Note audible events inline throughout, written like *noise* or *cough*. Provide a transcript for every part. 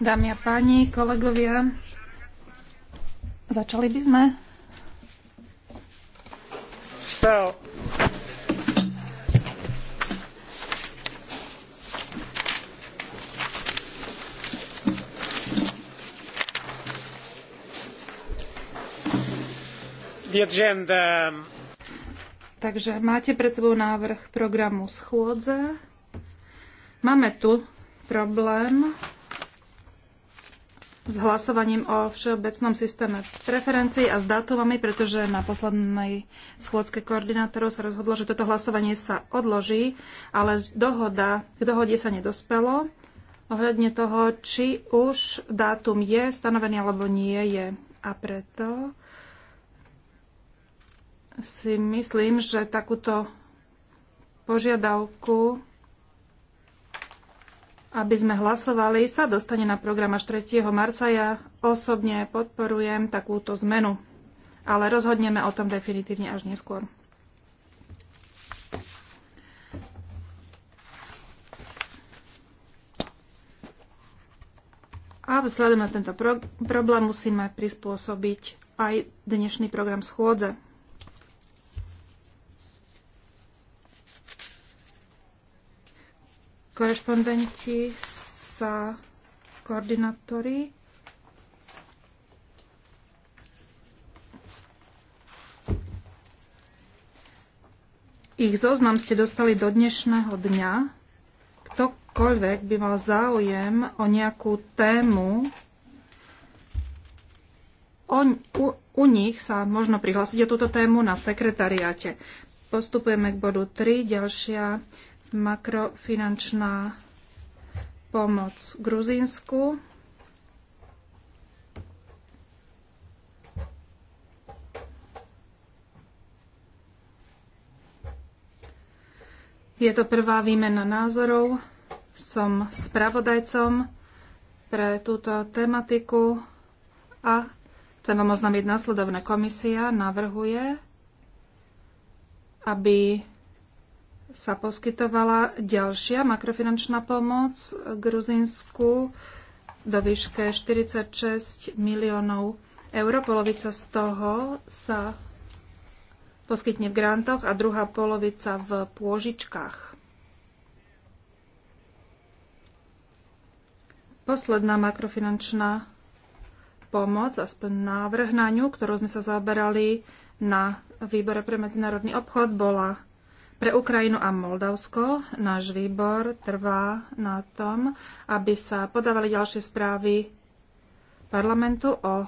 Dámy a páni, kolegovia, začali by sme. So, the agenda um, Takže máte pred sebou návrh programu schôdze. Máme tu problém s hlasovaním o všeobecnom systéme preferencií a s dátumami, pretože na poslednej schôdzke koordinátorov sa rozhodlo, že toto hlasovanie sa odloží, ale dohoda, k dohode sa nedospelo ohľadne toho, či už dátum je stanovený alebo nie je. A preto si myslím, že takúto požiadavku, aby sme hlasovali, sa dostane na program až 3. marca. Ja osobne podporujem takúto zmenu, ale rozhodneme o tom definitívne až neskôr. A vzhľadom na tento pro- problém musíme prispôsobiť aj dnešný program schôdze. korešpondenti sa koordinátori Ich zoznam ste dostali do dnešného dňa. Ktokoľvek by mal záujem o nejakú tému, o, u, u nich sa možno prihlásiť o túto tému na sekretariáte. Postupujeme k bodu 3. Ďalšia makrofinančná pomoc Gruzínsku. Je to prvá výmena názorov. Som spravodajcom pre túto tematiku a chcem vám oznámiť následovné. Komisia navrhuje, aby sa poskytovala ďalšia makrofinančná pomoc Gruzínsku do výške 46 miliónov eur. Polovica z toho sa poskytne v grantoch a druhá polovica v pôžičkách. Posledná makrofinančná pomoc, aspoň návrh na ňu, ktorú sme sa zaoberali na výbore pre medzinárodný obchod, bola pre Ukrajinu a Moldavsko náš výbor trvá na tom, aby sa podávali ďalšie správy parlamentu o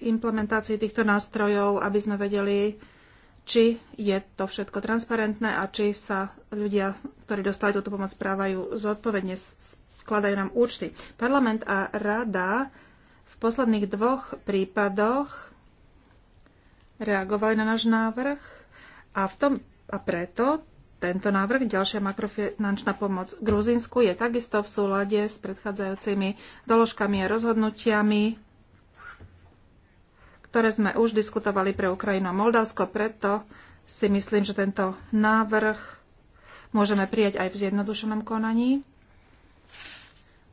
implementácii týchto nástrojov, aby sme vedeli, či je to všetko transparentné a či sa ľudia, ktorí dostali túto pomoc, správajú zodpovedne, skladajú nám účty. Parlament a rada v posledných dvoch prípadoch reagovali na náš návrh a v tom a preto tento návrh, ďalšia makrofinančná pomoc Gruzinsku, je takisto v súlade s predchádzajúcimi doložkami a rozhodnutiami, ktoré sme už diskutovali pre Ukrajinu a Moldavsko. Preto si myslím, že tento návrh môžeme prijať aj v zjednodušenom konaní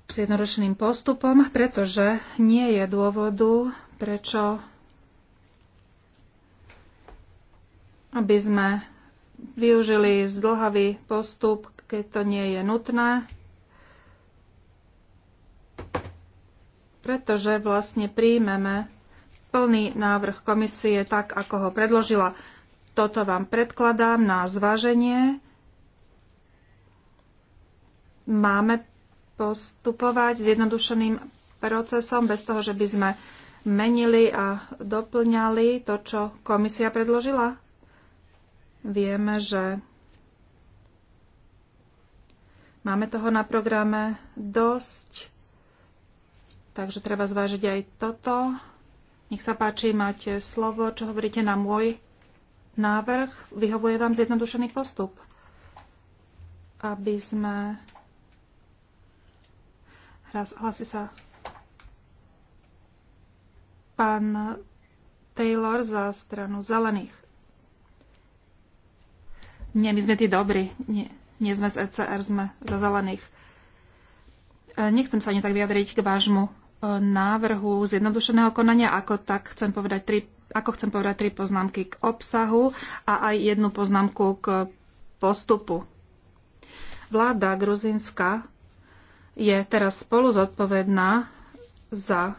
zjednodušeným postupom, pretože nie je dôvodu, prečo aby sme využili zdlhavý postup, keď to nie je nutné, pretože vlastne príjmeme plný návrh komisie tak, ako ho predložila. Toto vám predkladám na zváženie. Máme postupovať zjednodušeným procesom, bez toho, že by sme menili a doplňali to, čo komisia predložila? Vieme, že máme toho na programe dosť, takže treba zvážiť aj toto. Nech sa páči, máte slovo, čo hovoríte na môj návrh. Vyhovuje vám zjednodušený postup, aby sme... hlasí sa pán Taylor za stranu zelených. Nie, my sme tí dobrí. Nie, nie sme z ECR, sme za zelených. E, nechcem sa ani tak vyjadriť k vášmu e, návrhu zjednodušeného konania, ako tak chcem povedať tri, ako chcem povedať tri poznámky k obsahu a aj jednu poznámku k postupu. Vláda Gruzinska je teraz spolu zodpovedná za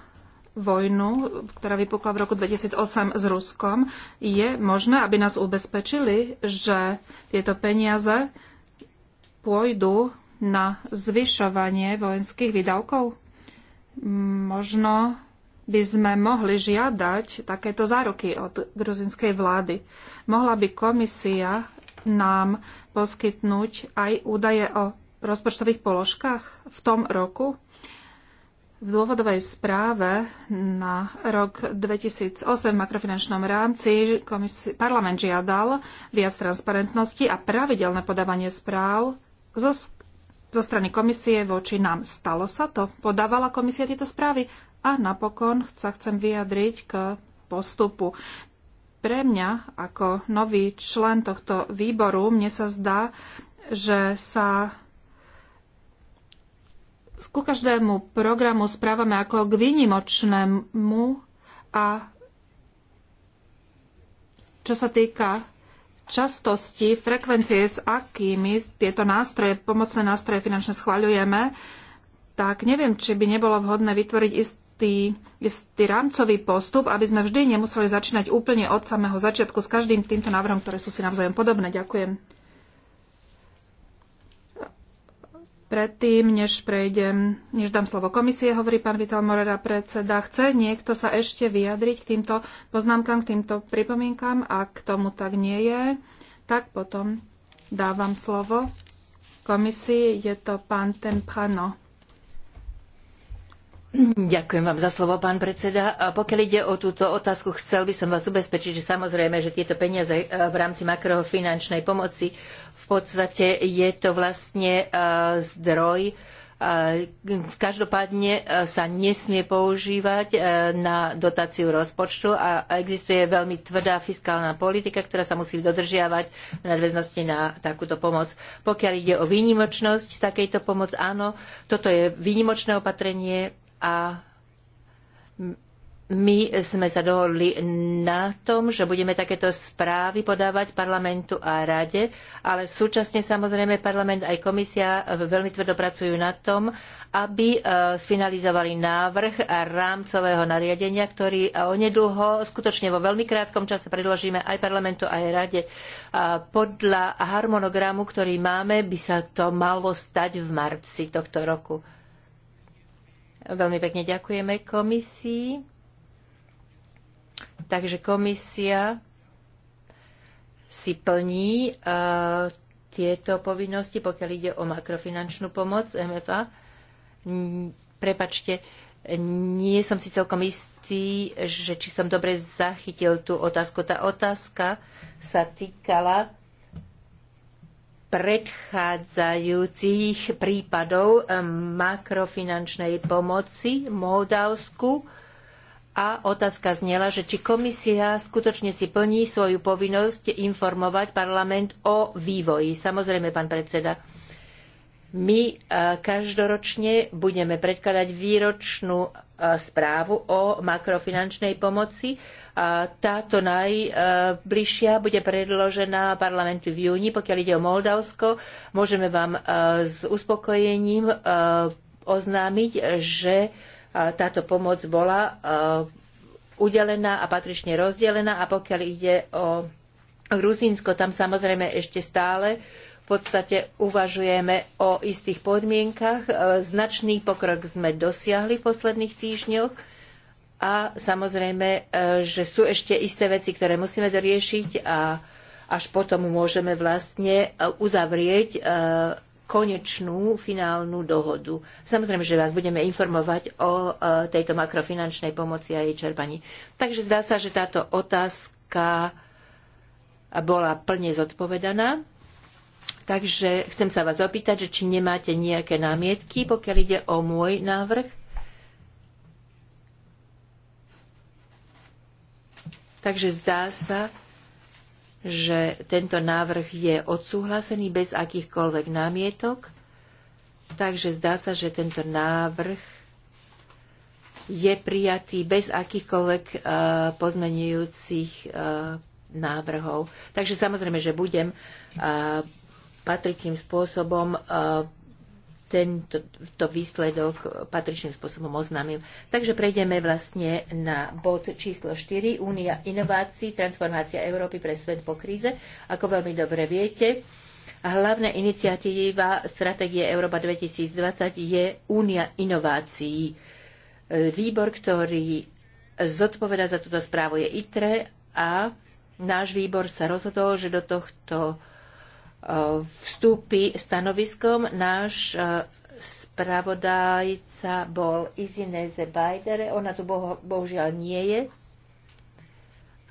vojnu, ktorá vypukla v roku 2008 s Ruskom, je možné, aby nás ubezpečili, že tieto peniaze pôjdu na zvyšovanie vojenských výdavkov? Možno by sme mohli žiadať takéto záruky od gruzinskej vlády. Mohla by komisia nám poskytnúť aj údaje o rozpočtových položkách v tom roku? V dôvodovej správe na rok 2008 v makrofinančnom rámci komisie, parlament žiadal viac transparentnosti a pravidelné podávanie správ zo, zo strany komisie voči nám. Stalo sa to? Podávala komisia tieto správy? A napokon sa chcem vyjadriť k postupu. Pre mňa ako nový člen tohto výboru, mne sa zdá, že sa ku každému programu správame ako k výnimočnému a čo sa týka častosti, frekvencie, s akými tieto nástroje, pomocné nástroje finančne schváľujeme, tak neviem, či by nebolo vhodné vytvoriť istý, istý rámcový postup, aby sme vždy nemuseli začínať úplne od samého začiatku s každým týmto návrhom, ktoré sú si navzájom podobné. Ďakujem. Predtým, než prejdem, než dám slovo komisie, hovorí pán Vital Morera, predseda. Chce niekto sa ešte vyjadriť k týmto poznámkam, k týmto pripomienkam? k tomu tak nie je, tak potom dávam slovo komisii. Je to pán Tempano. Ďakujem vám za slovo, pán predseda. A pokiaľ ide o túto otázku, chcel by som vás ubezpečiť, že samozrejme, že tieto peniaze e, v rámci makrofinančnej pomoci v podstate je to vlastne e, zdroj, e, Každopádne sa nesmie používať na dotáciu rozpočtu a existuje veľmi tvrdá fiskálna politika, ktorá sa musí dodržiavať v nadväznosti na takúto pomoc. Pokiaľ ide o výnimočnosť takejto pomoc, áno, toto je výnimočné opatrenie, a my sme sa dohodli na tom, že budeme takéto správy podávať parlamentu a rade, ale súčasne samozrejme parlament aj komisia veľmi tvrdo pracujú na tom, aby e, sfinalizovali návrh rámcového nariadenia, ktorý e, onedlho, skutočne vo veľmi krátkom čase predložíme aj parlamentu aj rade. Podľa harmonogramu, ktorý máme, by sa to malo stať v marci tohto roku. Veľmi pekne ďakujeme komisii. Takže komisia si plní e, tieto povinnosti, pokiaľ ide o makrofinančnú pomoc MFA. Prepačte, nie som si celkom istý, že či som dobre zachytil tú otázku. Tá otázka sa týkala predchádzajúcich prípadov eh, makrofinančnej pomoci Moldavsku a otázka znela, že či komisia skutočne si plní svoju povinnosť informovať parlament o vývoji. Samozrejme, pán predseda. My e, každoročne budeme predkladať výročnú e, správu o makrofinančnej pomoci. E, táto najbližšia bude predložená parlamentu v júni. Pokiaľ ide o Moldavsko, môžeme vám s uspokojením oznámiť, že táto pomoc bola udelená a patrične rozdelená. A pokiaľ ide o Gruzínsko, tam samozrejme ešte stále podstate uvažujeme o istých podmienkach. E, značný pokrok sme dosiahli v posledných týždňoch a samozrejme, e, že sú ešte isté veci, ktoré musíme doriešiť a až potom môžeme vlastne e, uzavrieť konečnú finálnu dohodu. Samozrejme, že vás budeme informovať o tejto makrofinančnej pomoci a jej čerpaní. Takže zdá sa, že táto otázka bola plne zodpovedaná. Takže chcem sa vás opýtať, že či nemáte nejaké námietky, pokiaľ ide o môj návrh. Takže zdá sa, že tento návrh je odsúhlasený bez akýchkoľvek námietok. Takže zdá sa, že tento návrh je prijatý bez akýchkoľvek e, pozmenujúcich e, návrhov. Takže samozrejme, že budem e, patričným spôsobom e, tento to výsledok patričným spôsobom oznámil. Takže prejdeme vlastne na bod číslo 4, Únia inovácií, transformácia Európy pre svet po kríze. Ako veľmi dobre viete, hlavná iniciatíva stratégie Európa 2020 je Únia inovácií. E, výbor, ktorý zodpoveda za túto správu je ITRE a náš výbor sa rozhodol, že do tohto vstúpi stanoviskom. Náš e, spravodajca bol Izineze Bajdere, ona tu boho, bohužiaľ nie je.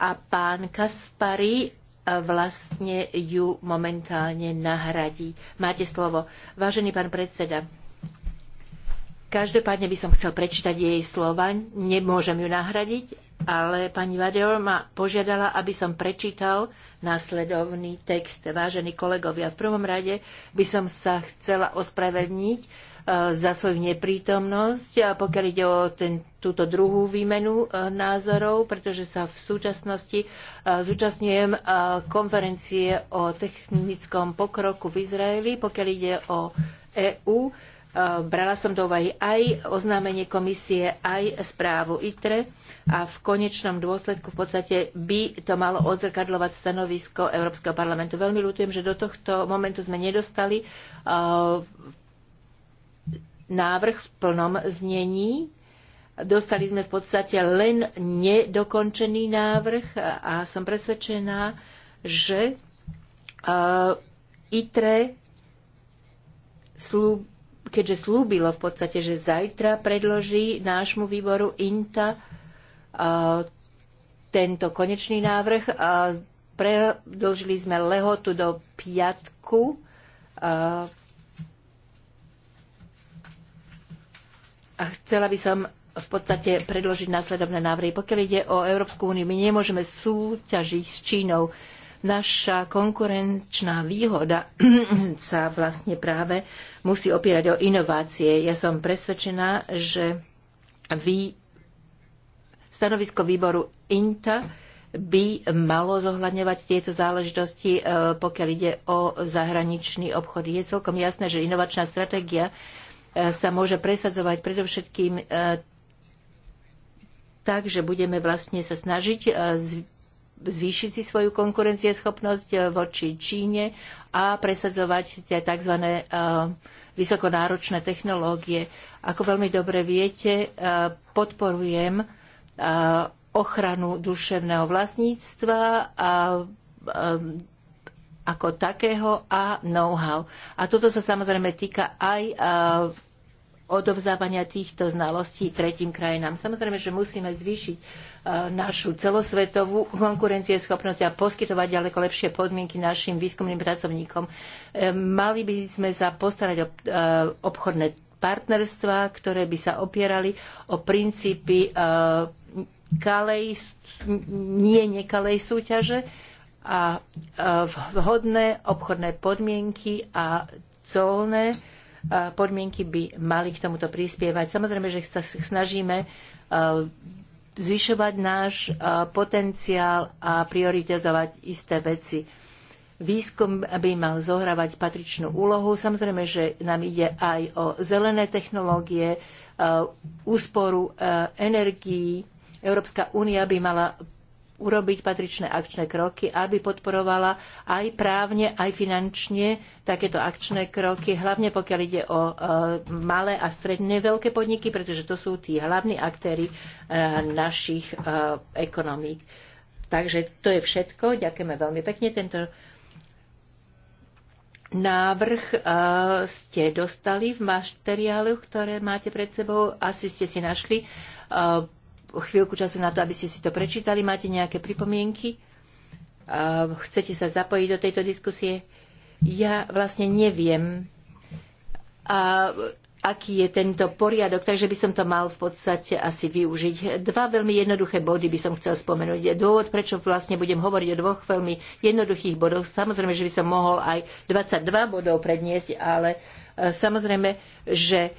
A pán Kaspari e, vlastne ju momentálne nahradí. Máte slovo. Vážený pán predseda, každopádne by som chcel prečítať jej slova. Nemôžem ju nahradiť, ale pani Vadeol ma požiadala, aby som prečítal následovný text. Vážení kolegovia, v prvom rade by som sa chcela ospravedniť e, za svoju neprítomnosť, pokiaľ ide o ten, túto druhú výmenu e, názorov, pretože sa v súčasnosti e, zúčastňujem konferencie o technickom pokroku v Izraeli, pokiaľ ide o EÚ brala som do úvahy aj oznámenie komisie, aj správu ITRE a v konečnom dôsledku v podstate by to malo odzrkadľovať stanovisko Európskeho parlamentu. Veľmi ľutujem, že do tohto momentu sme nedostali návrh v plnom znení. Dostali sme v podstate len nedokončený návrh a som presvedčená, že ITRE slúb keďže slúbilo v podstate, že zajtra predloží nášmu výboru INTA tento konečný návrh. Predlžili sme lehotu do piatku. A chcela by som v podstate predložiť následovné návrhy. Pokiaľ ide o Európsku úniu, my nemôžeme súťažiť s Čínou naša konkurenčná výhoda *clears throat* sa vlastne práve musí opierať o inovácie. Ja som presvedčená, že vy, stanovisko výboru INTA by malo zohľadňovať tieto záležitosti, e, pokiaľ ide o zahraničný obchod. Je celkom jasné, že inovačná stratégia e, sa môže presadzovať predovšetkým e, tak, že budeme vlastne sa snažiť zvýšiť si svoju konkurencieschopnosť eh, voči Číne a presadzovať tie tzv. Eh, vysokonáročné technológie. Ako veľmi dobre viete, eh, podporujem ochranu duševného vlastníctva a ako takého a know-how. A toto sa samozrejme týka aj odovzdávania týchto znalostí tretím krajinám. Samozrejme, že musíme zvýšiť e, našu celosvetovú konkurencieschopnosť a poskytovať ďaleko lepšie podmienky našim výskumným pracovníkom. E, mali by sme sa postarať o e, obchodné partnerstva, ktoré by sa opierali o princípy kalej, nie nekalej súťaže a vhodné obchodné podmienky a colné podmienky by mali k tomuto prispievať. Samozrejme, že sa snažíme zvyšovať náš potenciál a prioritizovať isté veci. Výskum by mal zohrávať patričnú úlohu. Samozrejme, že nám ide aj o zelené technológie, úsporu energií. Európska únia by mala urobiť patričné akčné kroky, aby podporovala aj právne, aj finančne takéto akčné kroky, hlavne pokiaľ ide o e, malé a stredne veľké podniky, pretože to sú tí hlavní aktéry e, našich e, ekonomík. Takže to je všetko. Ďakujeme veľmi pekne. Tento návrh ste dostali v materiálu, ktoré máte pred sebou. Asi ste si našli chvíľku času na to, aby ste si to prečítali. Máte nejaké pripomienky? Chcete sa zapojiť do tejto diskusie? Ja vlastne neviem, a aký je tento poriadok, takže by som to mal v podstate asi využiť. Dva veľmi jednoduché body by som chcel spomenúť. Dôvod, prečo vlastne budem hovoriť o dvoch veľmi jednoduchých bodoch, samozrejme, že by som mohol aj 22 bodov predniesť, ale e, samozrejme, že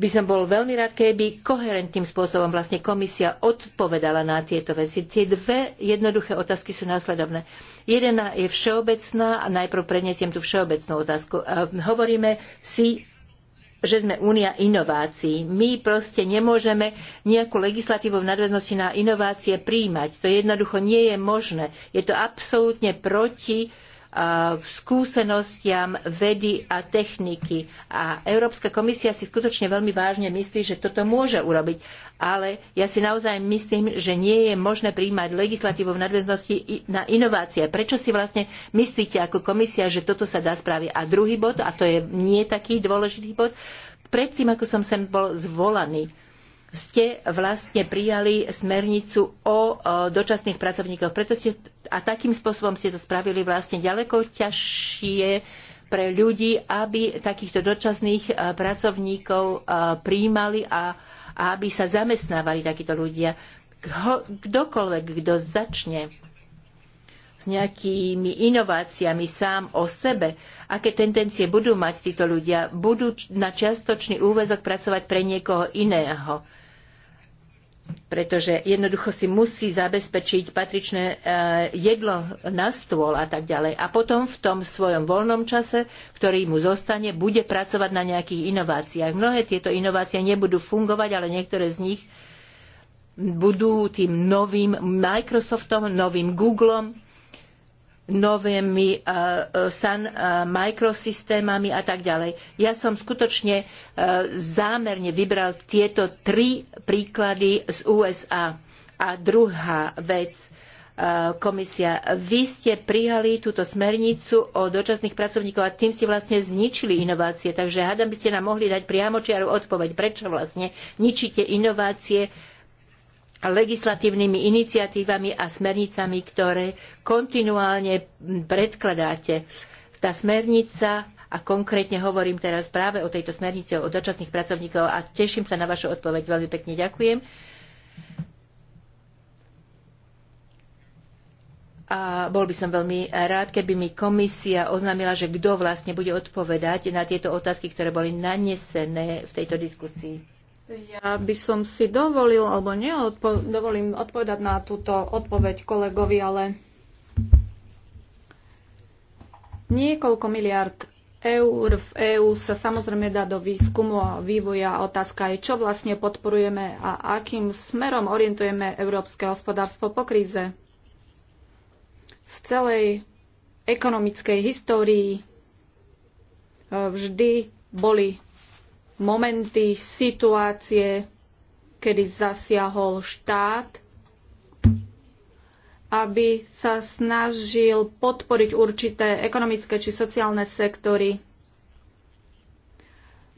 by som bol veľmi rád, keby koherentným spôsobom vlastne komisia odpovedala na tieto veci. Tie dve jednoduché otázky sú následovné. Jedna je všeobecná a najprv predniesiem tú všeobecnú otázku. Hovoríme si že sme únia inovácií. My proste nemôžeme nejakú legislatívu v nadväznosti na inovácie príjmať. To jednoducho nie je možné. Je to absolútne proti skúsenostiam vedy a techniky. A Európska komisia si skutočne veľmi vážne myslí, že toto môže urobiť. Ale ja si naozaj myslím, že nie je možné príjmať legislatívu v nadväznosti na inovácie. Prečo si vlastne myslíte ako komisia, že toto sa dá spraviť? A druhý bod, a to je nie taký dôležitý bod, predtým, ako som sem bol zvolaný, ste vlastne prijali smernicu o dočasných pracovníkoch. Preto ste, a takým spôsobom ste to spravili vlastne ďaleko ťažšie pre ľudí, aby takýchto dočasných e, pracovníkov e, príjmali a, a aby sa zamestnávali takíto ľudia. Kdokoľvek, kto začne s nejakými inováciami sám o sebe, aké tendencie budú mať títo ľudia, budú na čiastočný úväzok pracovať pre niekoho iného pretože jednoducho si musí zabezpečiť patričné e, jedlo na stôl a tak ďalej. A potom v tom svojom voľnom čase, ktorý mu zostane, bude pracovať na nejakých inováciách. Mnohé tieto inovácie nebudú fungovať, ale niektoré z nich budú tým novým Microsoftom, novým Googlom, novými eh, eh, Sun eh, mikrosystémami a tak ďalej. Ja som skutočne zámerne vybral tieto tri príklady z USA. A druhá vec, komisia, vy ste prijali túto smernicu o dočasných pracovníkov a tým ste vlastne zničili inovácie. Takže hádam by ste nám mohli dať priamočiaru odpoveď, prečo vlastne ničíte inovácie legislatívnymi iniciatívami a smernicami, ktoré kontinuálne predkladáte. Tá smernica a konkrétne hovorím teraz práve o tejto smernici o dočasných pracovníkov a teším sa na vašu odpoveď. Veľmi pekne ďakujem. A bol by som veľmi rád, keby mi komisia oznámila, že kto vlastne bude odpovedať na tieto otázky, ktoré boli nanesené v tejto diskusii. Ja by som si dovolil, alebo neodpo- dovolím odpovedať na túto odpoveď kolegovi, ale niekoľko miliard eur v EÚ sa samozrejme dá do výskumu a vývoja. Otázka je, čo vlastne podporujeme a akým smerom orientujeme európske hospodárstvo po kríze. V celej ekonomickej histórii eh, vždy boli momenty, situácie, kedy zasiahol štát, aby sa snažil podporiť určité ekonomické či sociálne sektory.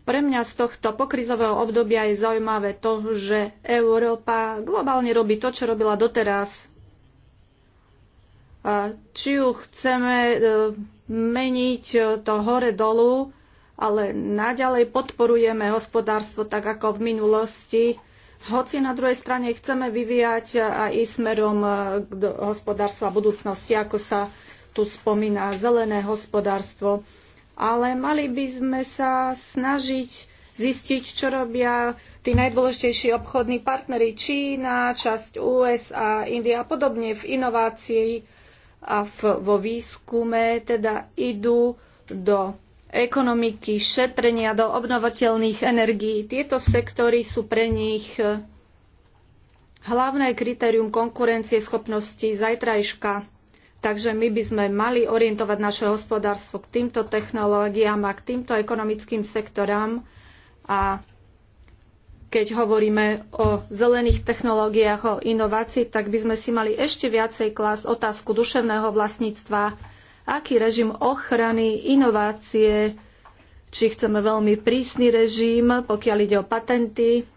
Pre mňa z tohto pokrizového obdobia je zaujímavé to, že Európa globálne robí to, čo robila doteraz. Či ju chceme e, meniť e, to hore-dolu, ale naďalej podporujeme hospodárstvo tak ako v minulosti, hoci na druhej strane chceme vyvíjať aj smerom eh, k hospodárstva budúcnosti, ako sa tu spomína zelené hospodárstvo. Ale mali by sme sa snažiť zistiť, čo robia tí najdôležitejší obchodní partnery Čína, časť USA, India a podobne v inovácii a v, vo výskume, teda idú do ekonomiky, šetrenia do obnovateľných energií. Tieto sektory sú pre nich e, hlavné kritérium konkurencie schopnosti zajtrajška. Takže my by sme mali orientovať naše hospodárstvo k týmto technológiám a k týmto ekonomickým sektorám. A keď hovoríme o zelených technológiách, o inovácii, tak by sme si mali ešte viacej klas otázku duševného vlastníctva aký režim ochrany, inovácie, či chceme veľmi prísny režim, pokiaľ ide o patenty,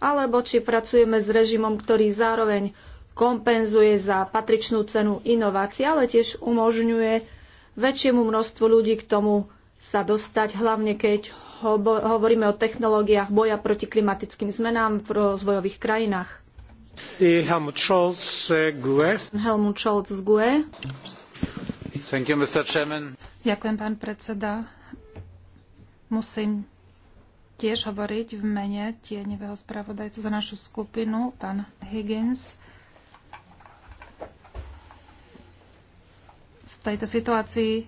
alebo či pracujeme s režimom, ktorý zároveň kompenzuje za patričnú cenu inovácie, ale tiež umožňuje väčšiemu množstvu ľudí k tomu sa dostať, hlavne keď hovoríme o technológiách boja proti klimatickým zmenám v rozvojových krajinách. Helmut Scholz z GUE. Ďakujem, pán Musím tiež hovoriť v mene tieňového spravodajcu za našu skupinu, pán Higgins. V tejto situácii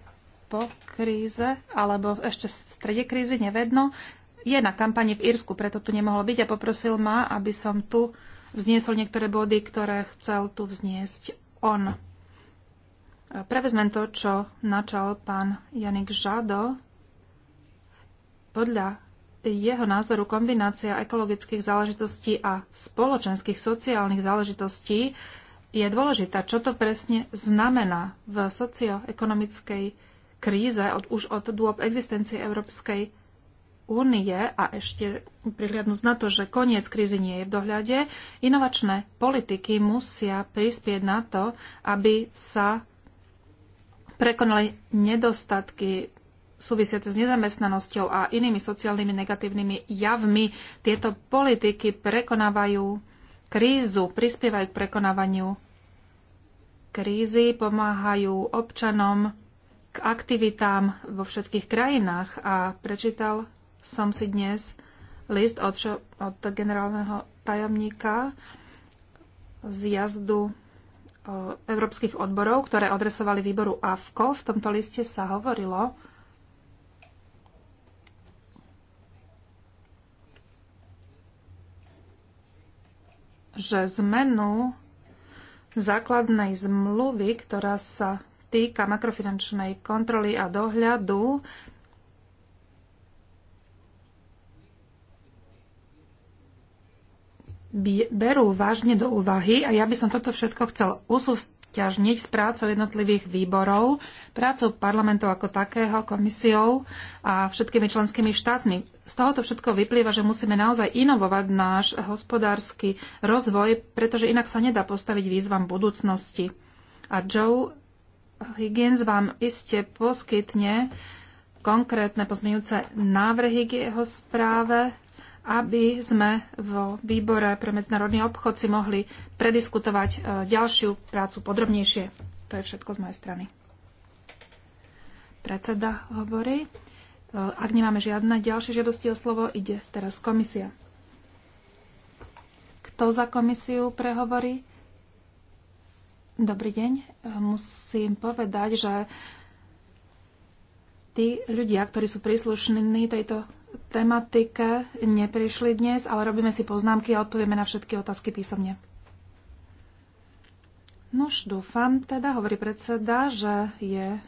po kríze, alebo ešte v strede krízy, nevedno, je na kampani v Írsku, preto tu nemohol byť a poprosil ma, aby som tu vzniesol niektoré body, ktoré chcel tu vzniesť on. Prevezmem to, čo načal pán Janik Žado. Podľa jeho názoru kombinácia ekologických záležitostí a spoločenských sociálnych záležitostí je dôležitá. Čo to presne znamená v socioekonomickej kríze od, už od dôb existencie Európskej únie a ešte prihliadnúc na to, že koniec krízy nie je v dohľade, inovačné politiky musia prispieť na to, aby sa prekonali nedostatky súvisiace s nezamestnanosťou a inými sociálnymi negatívnymi javmi. Tieto politiky prekonávajú krízu, prispievajú k prekonávaniu krízy, pomáhajú občanom k aktivitám vo všetkých krajinách a prečítal som si dnes list od, od generálneho tajomníka zjazdu európskych odborov, ktoré adresovali výboru AFKO. V tomto liste sa hovorilo, že zmenu základnej zmluvy, ktorá sa týka makrofinančnej kontroly a dohľadu, berú vážne do úvahy a ja by som toto všetko chcel usústiažniť s prácou jednotlivých výborov, prácou parlamentov ako takého, komisiou a všetkými členskými štátmi. Z tohoto všetko vyplýva, že musíme naozaj inovovať náš hospodársky rozvoj, pretože inak sa nedá postaviť výzvam budúcnosti. A Joe Higgins vám iste poskytne konkrétne pozmeňujúce návrhy k jeho správe aby sme vo výbore pre medzinárodný obchod si mohli prediskutovať e, ďalšiu prácu podrobnejšie. To je všetko z mojej strany. Predseda hovorí. E, ak nemáme žiadne ďalšie žiadosti o slovo, ide teraz komisia. Kto za komisiu prehovorí? Dobrý deň. E, musím povedať, že tí ľudia, ktorí sú príslušní tejto tematike neprišli dnes, ale robíme si poznámky a odpovieme na všetky otázky písomne. Nož, dúfam teda, hovorí predseda, že je e,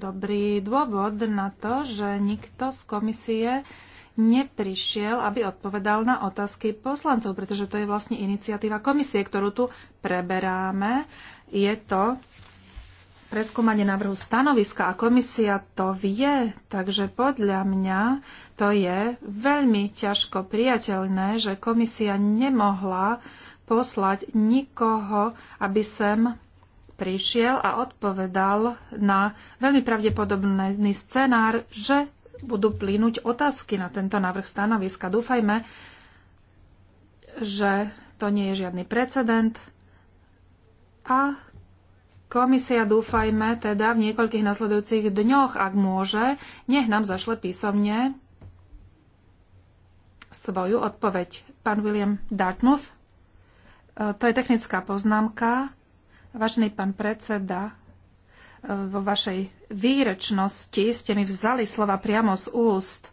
dobrý dôvod na to, že nikto z komisie neprišiel, aby odpovedal na otázky poslancov, pretože to je vlastne iniciatíva komisie, ktorú tu preberáme. Je to preskúmanie návrhu stanoviska a komisia to vie, takže podľa mňa to je veľmi ťažko priateľné, že komisia nemohla poslať nikoho, aby sem prišiel a odpovedal na veľmi pravdepodobný scenár, že budú plínuť otázky na tento návrh stanoviska. Dúfajme, že to nie je žiadny precedent a Komisia dúfajme teda v niekoľkých nasledujúcich dňoch, ak môže, nech nám zašle písomne svoju odpoveď. Pán William Dartmouth, e, to je technická poznámka. Vážený pán predseda, e, vo vašej výrečnosti ste mi vzali slova priamo z úst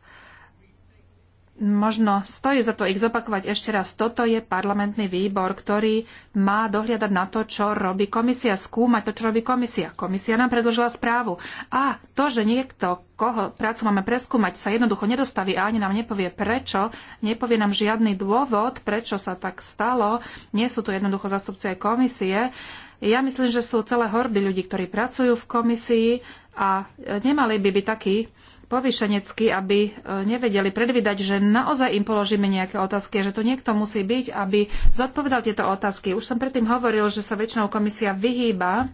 možno stojí za to ich zopakovať ešte raz. Toto je parlamentný výbor, ktorý má dohliadať na to, čo robí komisia, skúmať to, čo robí komisia. Komisia nám predložila správu. A to, že niekto, koho prácu máme preskúmať, sa jednoducho nedostaví a ani nám nepovie prečo, nepovie nám žiadny dôvod, prečo sa tak stalo, nie sú tu jednoducho zastupci komisie. Ja myslím, že sú celé hordy ľudí, ktorí pracujú v komisii a nemali by byť takí, povýšenecky, aby e, nevedeli predvídať, že naozaj im položíme nejaké otázky že tu niekto musí byť, aby zodpovedal tieto otázky. Už som predtým hovoril, že sa väčšinou komisia vyhýba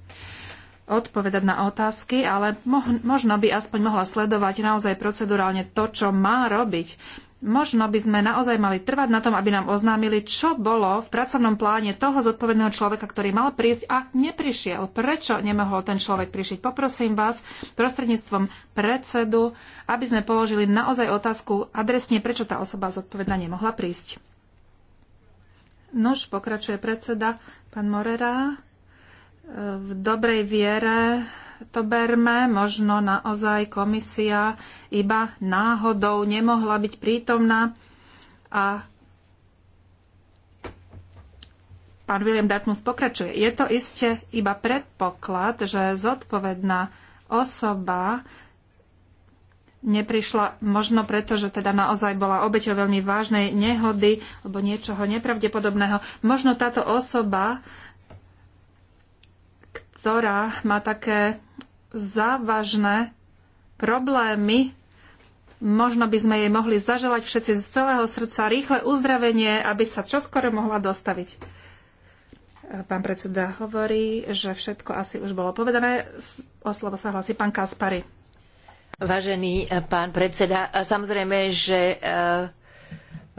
odpovedať na otázky, ale možno by aspoň mohla sledovať naozaj procedurálne to, čo má robiť. Možno by sme naozaj mali trvať na tom, aby nám oznámili, čo bolo v pracovnom pláne toho zodpovedného človeka, ktorý mal prísť a neprišiel. Prečo nemohol ten človek prišiť? Poprosím vás prostredníctvom predsedu, aby sme položili naozaj otázku adresne, prečo tá osoba zodpovedná nemohla prísť. Nož, pokračuje predseda, pán Morera, v dobrej viere to berme. Možno naozaj komisia iba náhodou nemohla byť prítomná a pán William Dartmouth pokračuje. Je to iste iba predpoklad, že zodpovedná osoba neprišla možno preto, že teda naozaj bola obeťou veľmi vážnej nehody alebo niečoho nepravdepodobného. Možno táto osoba, ktorá má také závažné problémy. Možno by sme jej mohli zaželať všetci z celého srdca rýchle uzdravenie, aby sa čoskoro mohla dostaviť. Pán predseda hovorí, že všetko asi už bolo povedané. O slovo sa hlasí pán Kaspari. Vážený eh, pán predseda, eh, samozrejme, že eh,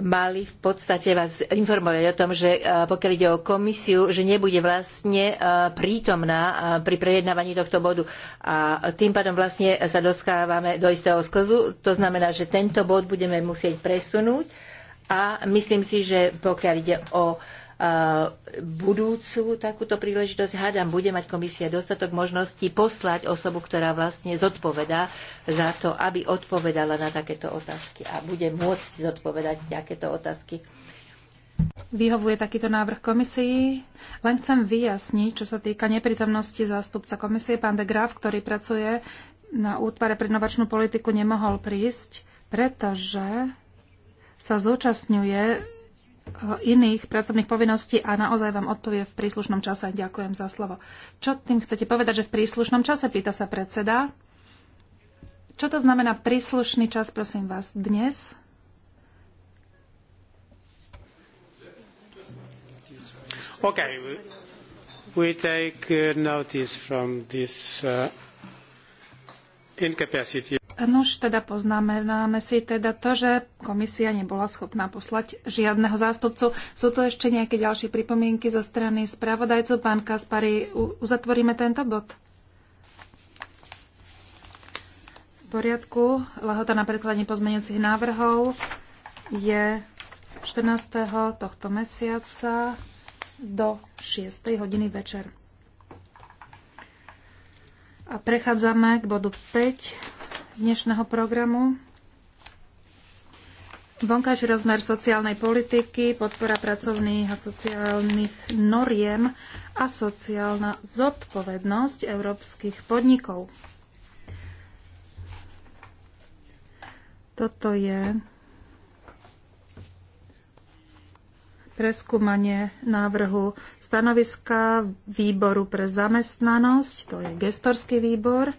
mali v podstate vás informovať o tom, že e, pokiaľ ide o komisiu, že nebude vlastne e, prítomná e, pri prejednávaní tohto bodu. A tým pádom vlastne sa dostávame do istého sklzu. To znamená, že tento bod budeme musieť presunúť. A myslím si, že pokiaľ ide o Eh, budúcu takúto príležitosť. Hádam, bude mať komisia dostatok možností poslať osobu, ktorá vlastne zodpovedá za to, aby odpovedala na takéto otázky a bude môcť zodpovedať takéto otázky. Vyhovuje takýto návrh komisii. Len chcem vyjasniť, čo sa týka neprítomnosti zástupca komisie. Pán de Graf, ktorý pracuje na útvare pre novačnú politiku, nemohol prísť, pretože sa zúčastňuje iných pracovných povinností a naozaj vám odpovie v príslušnom čase. Ďakujem za slovo. Čo tým chcete povedať, že v príslušnom čase? Pýta sa predseda. Čo to znamená príslušný čas, prosím vás, dnes? OK. We take uh, notice from this uh, incapacity už teda poznamenáme si teda to, že komisia nebola schopná poslať žiadneho zástupcu. Sú tu ešte nejaké ďalšie pripomienky zo strany správodajcov. Pán Kaspari, uzatvoríme tento bod. V poriadku. Lahota na predkladanie pozmeňujúcich návrhov je 14. tohto mesiaca do 6. hodiny večer. A prechádzame k bodu 5 dnešného programu. Vonkajší rozmer sociálnej politiky, podpora pracovných a sociálnych noriem a sociálna zodpovednosť európskych podnikov. Toto je preskúmanie návrhu stanoviska výboru pre zamestnanosť, to je gestorský výbor.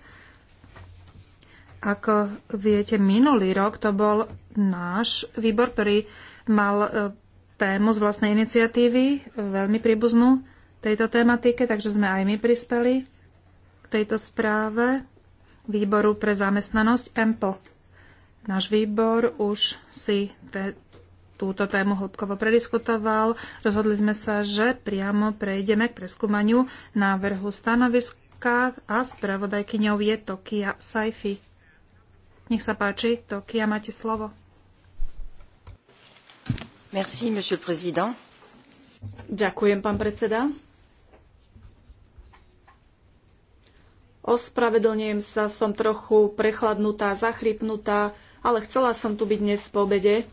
Ako viete, minulý rok to bol náš výbor, ktorý mal e, tému z vlastnej iniciatívy, e, veľmi príbuznú tejto tematike, takže sme aj my prispeli k tejto správe výboru pre zamestnanosť EMPO. Náš výbor už si te, túto tému hĺbkovo prediskutoval. Rozhodli sme sa, že priamo prejdeme k preskúmaniu návrhu stanoviska a spravodajkyňou je Tokia Saifi. Nech sa páči, Tokia, máte slovo. Merci, monsieur le président. Ďakujem, pán predseda. Ospravedlňujem sa, som trochu prechladnutá, zachrypnutá, ale chcela som tu byť dnes po obede.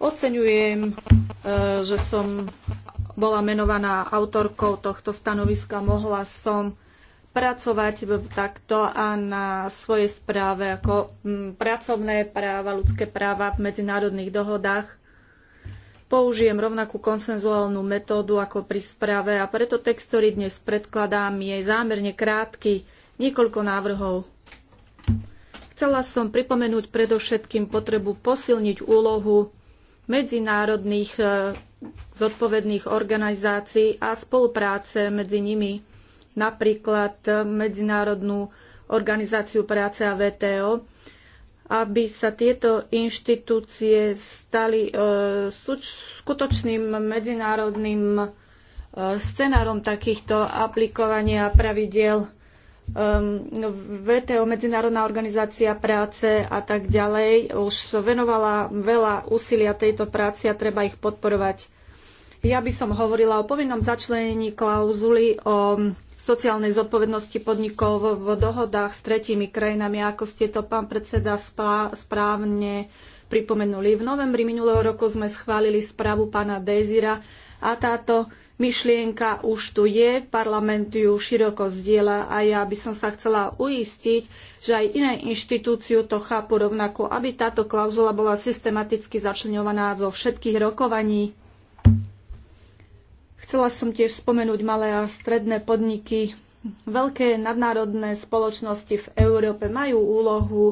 Oceňujem, e, že som bola menovaná autorkou tohto stanoviska. Mohla som pracovať takto a na svojej správe ako mm, pracovné práva, ľudské práva v medzinárodných dohodách. Použijem rovnakú konsenzuálnu metódu ako pri správe a preto text, ktorý dnes predkladám, je zámerne krátky, niekoľko návrhov. Chcela som pripomenúť predovšetkým potrebu posilniť úlohu medzinárodných eh, zodpovedných organizácií a spolupráce medzi nimi napríklad eh, Medzinárodnú organizáciu práce a VTO, aby sa tieto inštitúcie stali eh, skutočným medzinárodným eh, scenárom takýchto aplikovania pravidiel ehm, VTO, Medzinárodná organizácia práce a tak ďalej. Už venovala veľa úsilia tejto práci a treba ich podporovať. Ja by som hovorila o povinnom začlenení klauzuly o sociálnej zodpovednosti podnikov v dohodách s tretími krajinami, ako ste to, pán predseda, správne pripomenuli. V novembri minulého roku sme schválili správu pána Dezira a táto myšlienka už tu je, parlament ju široko zdieľa a ja by som sa chcela uistiť, že aj iné inštitúciu to chápu rovnako, aby táto klauzula bola systematicky začlenovaná zo všetkých rokovaní Chcela som tiež spomenúť malé a stredné podniky. Veľké nadnárodné spoločnosti v Európe majú úlohu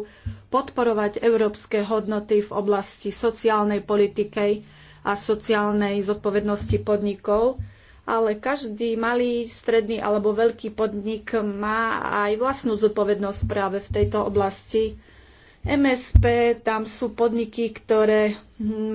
podporovať európske hodnoty v oblasti sociálnej politiky a sociálnej zodpovednosti podnikov, ale každý malý, stredný alebo veľký podnik má aj vlastnú zodpovednosť práve v tejto oblasti. MSP, tam sú podniky, ktoré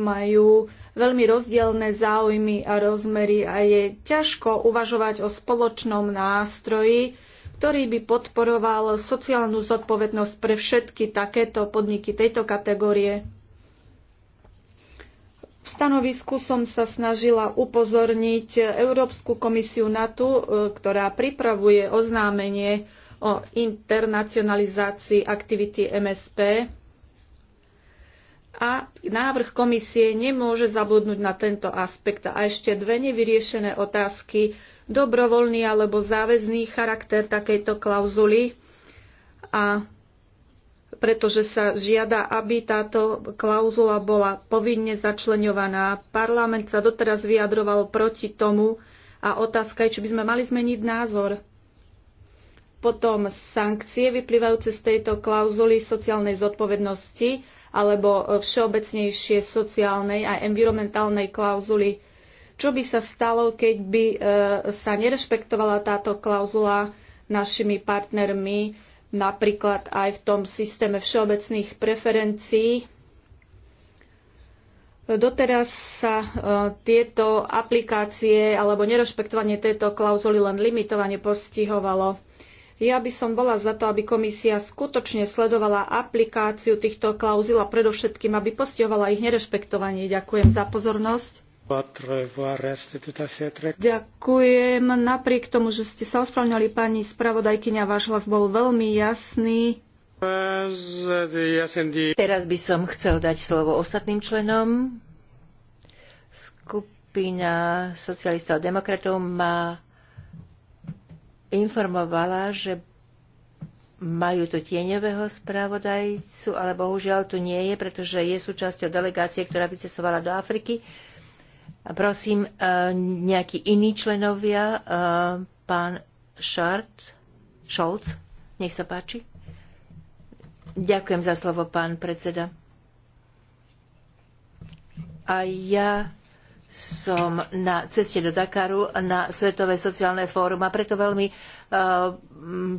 majú veľmi rozdielne záujmy a rozmery a je ťažko uvažovať o spoločnom nástroji, ktorý by podporoval sociálnu zodpovednosť pre všetky takéto podniky tejto kategórie. V stanovisku som sa snažila upozorniť Európsku komisiu NATO, e, ktorá pripravuje oznámenie o internacionalizácii aktivity MSP a návrh komisie nemôže zabudnúť na tento aspekt. A ešte dve nevyriešené otázky. Dobrovoľný alebo záväzný charakter takejto klauzuly a pretože sa žiada, aby táto klauzula bola povinne začleňovaná. Parlament sa doteraz vyjadroval proti tomu a otázka je, či by sme mali zmeniť názor. Potom sankcie vyplývajúce z tejto klauzuly sociálnej zodpovednosti alebo všeobecnejšie sociálnej a environmentálnej klauzuly. Čo by sa stalo, keď by e, sa nerešpektovala táto klauzula našimi partnermi, napríklad aj v tom systéme všeobecných preferencií? Doteraz sa e, tieto aplikácie alebo nerešpektovanie tejto klauzuly len limitovane postihovalo ja by som bola za to, aby komisia skutočne sledovala aplikáciu týchto klauzul a predovšetkým, aby postihovala ich nerešpektovanie. Ďakujem za pozornosť. Ďakujem. Napriek tomu, že ste sa ospravňali, pani spravodajkyňa, váš hlas bol veľmi jasný. Teraz by som chcel dať slovo ostatným členom. Skupina socialistov a demokratov má informovala, že majú tu tieňového spravodajcu, ale bohužiaľ tu nie je, pretože je súčasťou delegácie, ktorá vycestovala do Afriky. Prosím, e, nejakí iní členovia, e, pán Šart, Šolc, nech sa páči. Ďakujem za slovo, pán predseda. A ja som na ceste do Dakaru na Svetové sociálne fórum a preto veľmi uh,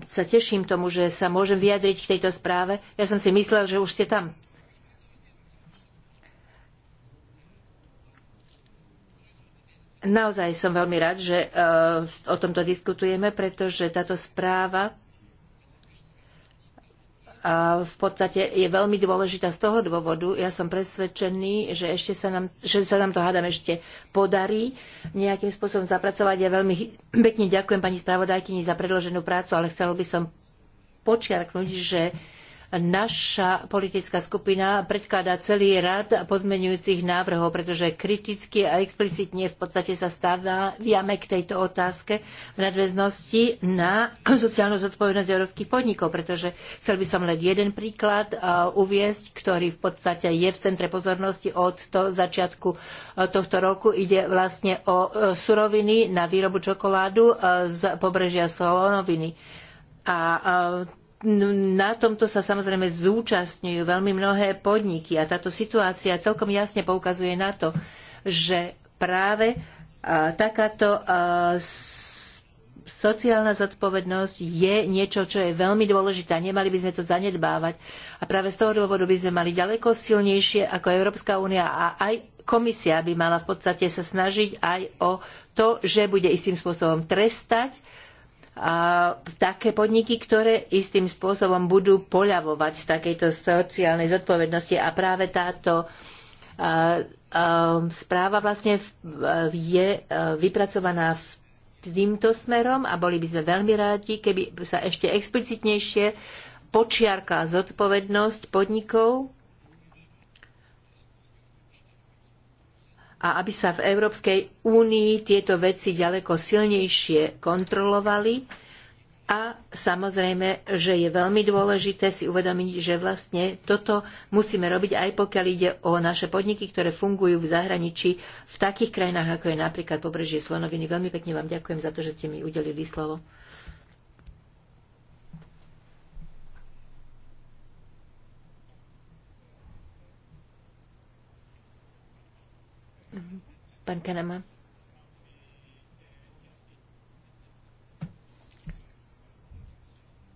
sa teším tomu, že sa môžem vyjadriť k tejto správe. Ja som si myslel, že už ste tam. Naozaj som veľmi rád, že uh, o tomto diskutujeme, pretože táto správa a v podstate je veľmi dôležitá z toho dôvodu. Ja som presvedčený, že ešte sa nám, že sa nám to hádam ešte podarí nejakým spôsobom zapracovať. Ja veľmi pekne ďakujem pani spravodajkyni za predloženú prácu, ale chcela by som počiarknúť, že Naša politická skupina predkladá celý rad pozmeňujúcich návrhov, pretože kriticky a explicitne v podstate sa staviame k tejto otázke v nadväznosti na sociálnu zodpovednosť európskych podnikov, pretože chcel by som len jeden príklad uviesť, ktorý v podstate je v centre pozornosti od to začiatku tohto roku. Ide vlastne o e, suroviny na výrobu čokoládu z pobrežia Slonoviny. A No, na tomto sa samozrejme zúčastňujú veľmi mnohé podniky a táto situácia celkom jasne poukazuje na to, že práve takáto sociálna zodpovednosť je niečo, čo je veľmi dôležité a nemali by sme to zanedbávať. A práve z toho dôvodu by sme mali ďaleko silnejšie ako Európska únia a aj komisia by mala v podstate sa snažiť aj o to, že bude istým spôsobom trestať také podniky, ktoré istým spôsobom budú poľavovať z takejto sociálnej zodpovednosti a práve táto správa vlastne je e, vypracovaná v týmto smerom a boli by sme veľmi rádi, keby sa ešte explicitnejšie počiarka zodpovednosť podnikov a aby sa v Európskej únii tieto veci ďaleko silnejšie kontrolovali. A samozrejme, že je veľmi dôležité si uvedomiť, že vlastne toto musíme robiť aj pokiaľ ide o naše podniky, ktoré fungujú v zahraničí v takých krajinách, ako je napríklad pobrežie Slonoviny. Veľmi pekne vám ďakujem za to, že ste mi udelili slovo. pán Kanama.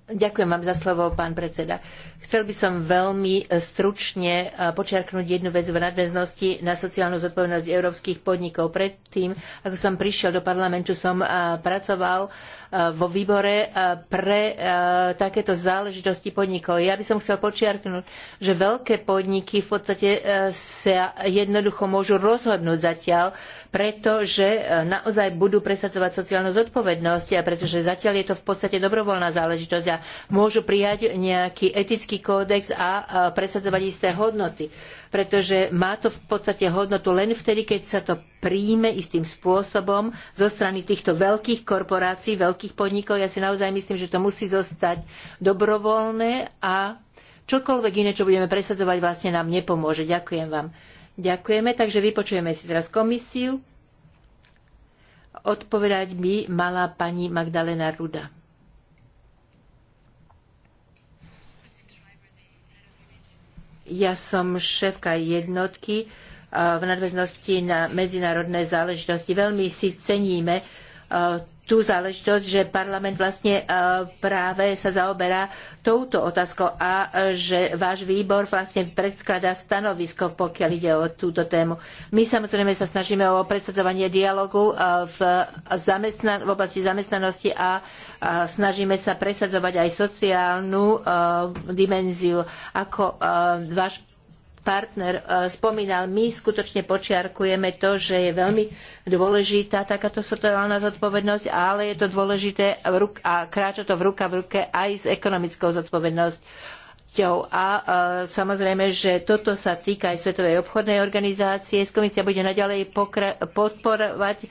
Ďakujem vám za slovo, pán predseda. Chcel by som veľmi e, stručne e, počiarknúť jednu vec v nadväznosti na sociálnu zodpovednosť európskych podnikov. Predtým, ako som prišiel do parlamentu, som e, pracoval vo výbore pre takéto záležitosti podnikov. Ja by som chcel počiarknúť, že veľké podniky v podstate sa jednoducho môžu rozhodnúť zatiaľ pretože e, naozaj budú presadzovať sociálnu zodpovednosť a pretože zatiaľ je to v podstate dobrovoľná záležitosť a môžu prijať nejaký etický kódex a e, presadzovať isté hodnoty. Pretože má to v podstate hodnotu len vtedy, keď sa to príjme istým spôsobom zo strany týchto veľkých korporácií, veľkých podnikov. Ja si naozaj myslím, že to musí zostať dobrovoľné a čokoľvek iné, čo budeme presadzovať, vlastne nám nepomôže. Ďakujem vám. Ďakujeme, takže vypočujeme si teraz komisiu. Odpovedať by mala pani Magdalena Ruda. Ja som šéfka jednotky v nadväznosti na medzinárodné záležitosti. Veľmi si ceníme tú záležitosť, že parlament vlastne e, práve sa zaoberá touto otázkou a e, že váš výbor vlastne predkladá stanovisko, pokiaľ ide o túto tému. My samozrejme sa snažíme o predsadzovanie dialogu e, v, zamestnan- v oblasti zamestnanosti a, snažíme sa presadzovať aj sociálnu dimenziu. Ako váš partner e, spomínal, my skutočne počiarkujeme to, že je veľmi dôležitá takáto sociálna zodpovednosť, ale je to dôležité a kráča to v ruka v ruke aj s ekonomickou zodpovednosťou. A e, samozrejme, že toto sa týka aj Svetovej obchodnej organizácie. Komisia bude naďalej podporovať e,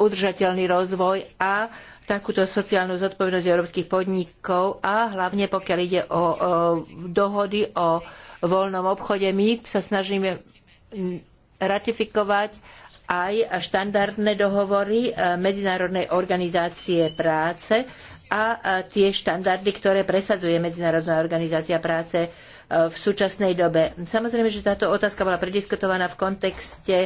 udržateľný rozvoj a takúto sociálnu zodpovednosť európskych podnikov a hlavne pokiaľ ide o, o dohody o voľnom obchode, my sa snažíme ratifikovať aj štandardné dohovory e, Medzinárodnej organizácie práce a e, tie štandardy, ktoré presadzuje Medzinárodná organizácia práce e, v súčasnej dobe. Samozrejme, že táto otázka bola prediskutovaná v kontexte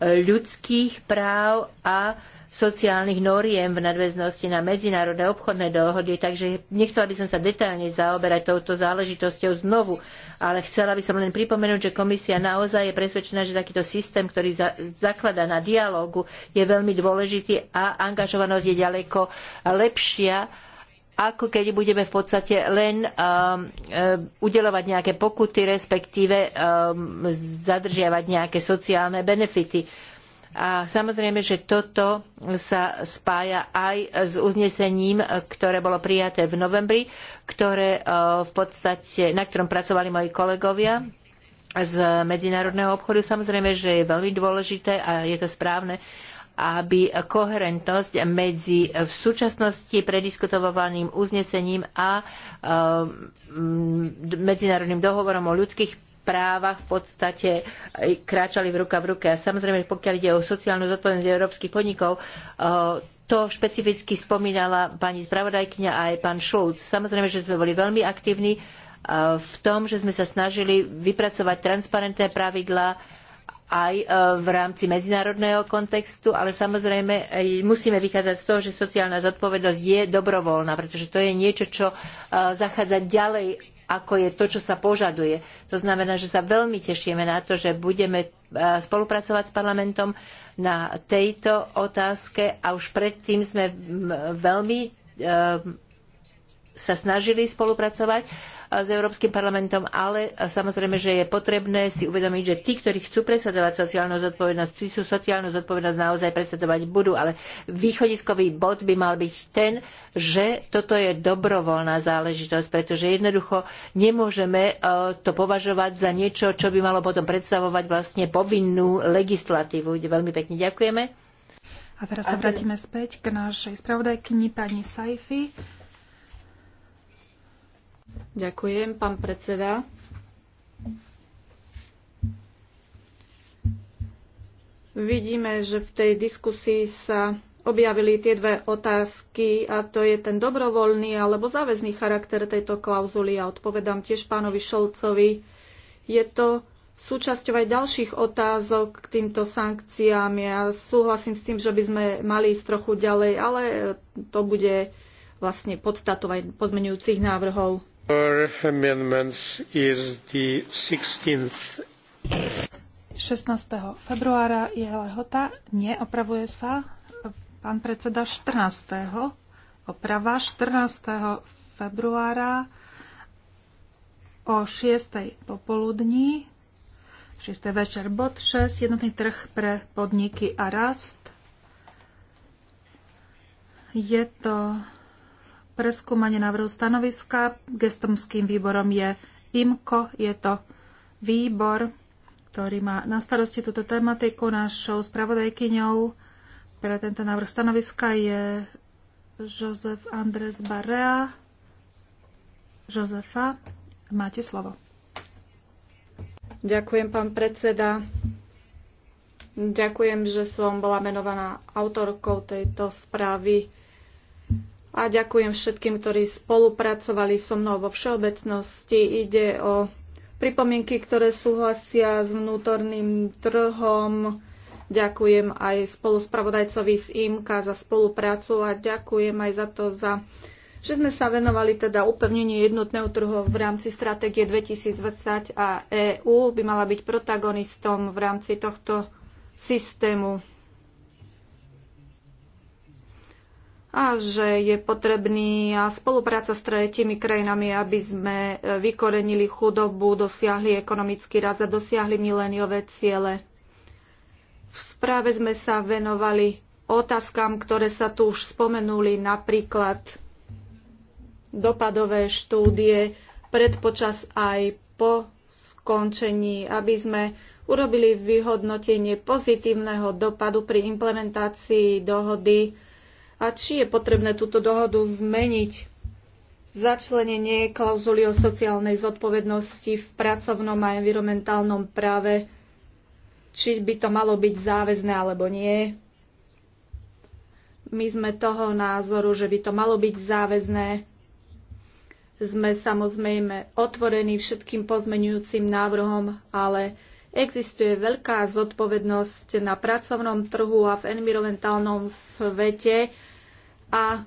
ľudských práv a sociálnych noriem v nadväznosti na medzinárodné obchodné dohody, takže nechcela by som sa detailne zaoberať touto záležitosťou znovu, ale chcela by som len pripomenúť, že komisia naozaj je presvedčená, že takýto systém, ktorý za- zakladá na dialógu, je veľmi dôležitý a angažovanosť je ďaleko lepšia ako keď budeme v podstate len um, um, udelovať nejaké pokuty, respektíve um, zadržiavať nejaké sociálne benefity. A samozrejme, že toto sa spája aj s uznesením, ktoré bolo prijaté v novembri, ktoré e, v podstate, na ktorom pracovali moji kolegovia z medzinárodného obchodu. Samozrejme, že je veľmi dôležité a je to správne, aby koherentnosť medzi v súčasnosti prediskutovaným uznesením a e, medzinárodným dohovorom o ľudských právach v podstate e, kráčali v ruka v ruke. A samozrejme, pokiaľ ide o sociálnu zodpovednosť európskych podnikov, e, to špecificky spomínala pani spravodajkyňa a aj pán Schulz. Samozrejme, že sme boli veľmi aktívni e, v tom, že sme sa snažili vypracovať transparentné pravidlá aj v rámci medzinárodného kontextu, ale samozrejme musíme vychádzať z toho, že sociálna zodpovednosť je dobrovoľná, pretože to je niečo, čo zachádza ďalej ako je to, čo sa požaduje. To znamená, že sa veľmi tešíme na to, že budeme e, spolupracovať s parlamentom na tejto otázke a už predtým sme veľmi e, sa snažili spolupracovať e, s Európskym parlamentom, ale e, samozrejme, že je potrebné si uvedomiť, že tí, ktorí chcú presadzovať sociálnu zodpovednosť, tí sú sociálnu zodpovednosť naozaj presadzovať budú, ale východiskový bod by mal byť ten, že toto je dobrovoľná záležitosť, pretože jednoducho nemôžeme e, to považovať za niečo, čo by malo potom predstavovať vlastne povinnú legislatívu. Veľmi pekne ďakujeme. A teraz sa vrátime späť k našej spravodajkyni pani Saifi. Ďakujem, pán predseda. Vidíme, že v tej diskusii sa objavili tie dve otázky a to je ten dobrovoľný alebo záväzný charakter tejto klauzuly a ja odpovedám tiež pánovi Šolcovi. Je to súčasťou aj ďalších otázok k týmto sankciám. Ja súhlasím s tým, že by sme mali ísť trochu ďalej, ale to bude vlastne podstatou aj pozmenujúcich návrhov. Our amendments is the 16th. 16. februára je lehota, neopravuje sa. Pán predseda 14. oprava 14. februára o 6. popoludní, 6. večer, bod 6, jednotný trh pre podniky a rast. Je to preskúmanie návrhu stanoviska. Gestomským výborom je IMKO. Je to výbor, ktorý má na starosti túto tematiku. Našou spravodajkyňou pre tento návrh stanoviska je Jozef Andres Barrea, Jozefa, máte slovo. Ďakujem, pán predseda. Ďakujem, že som bola menovaná autorkou tejto správy a ďakujem všetkým, ktorí spolupracovali so mnou vo všeobecnosti. Ide o pripomienky, ktoré súhlasia s vnútorným trhom. Ďakujem aj spoluspravodajcovi z IMKA za spoluprácu a ďakujem aj za to, za, že sme sa venovali teda upevneniu jednotného trhu v rámci stratégie 2020 a EÚ by mala byť protagonistom v rámci tohto systému. a že je potrebný a spolupráca s tretimi krajinami, aby sme e, vykorenili chudobu, dosiahli ekonomický rast a dosiahli miléniové ciele. V správe sme sa venovali otázkam, ktoré sa tu už spomenuli, napríklad dopadové štúdie pred, počas aj po skončení, aby sme urobili vyhodnotenie pozitívneho dopadu pri implementácii dohody a či je potrebné túto dohodu zmeniť. Začlenenie klauzuly o sociálnej zodpovednosti v pracovnom a environmentálnom práve, či by to malo byť záväzné alebo nie. My sme toho názoru, že by to malo byť záväzné. Sme samozrejme otvorení všetkým pozmenujúcim návrhom, ale existuje veľká zodpovednosť na pracovnom trhu a v environmentálnom svete a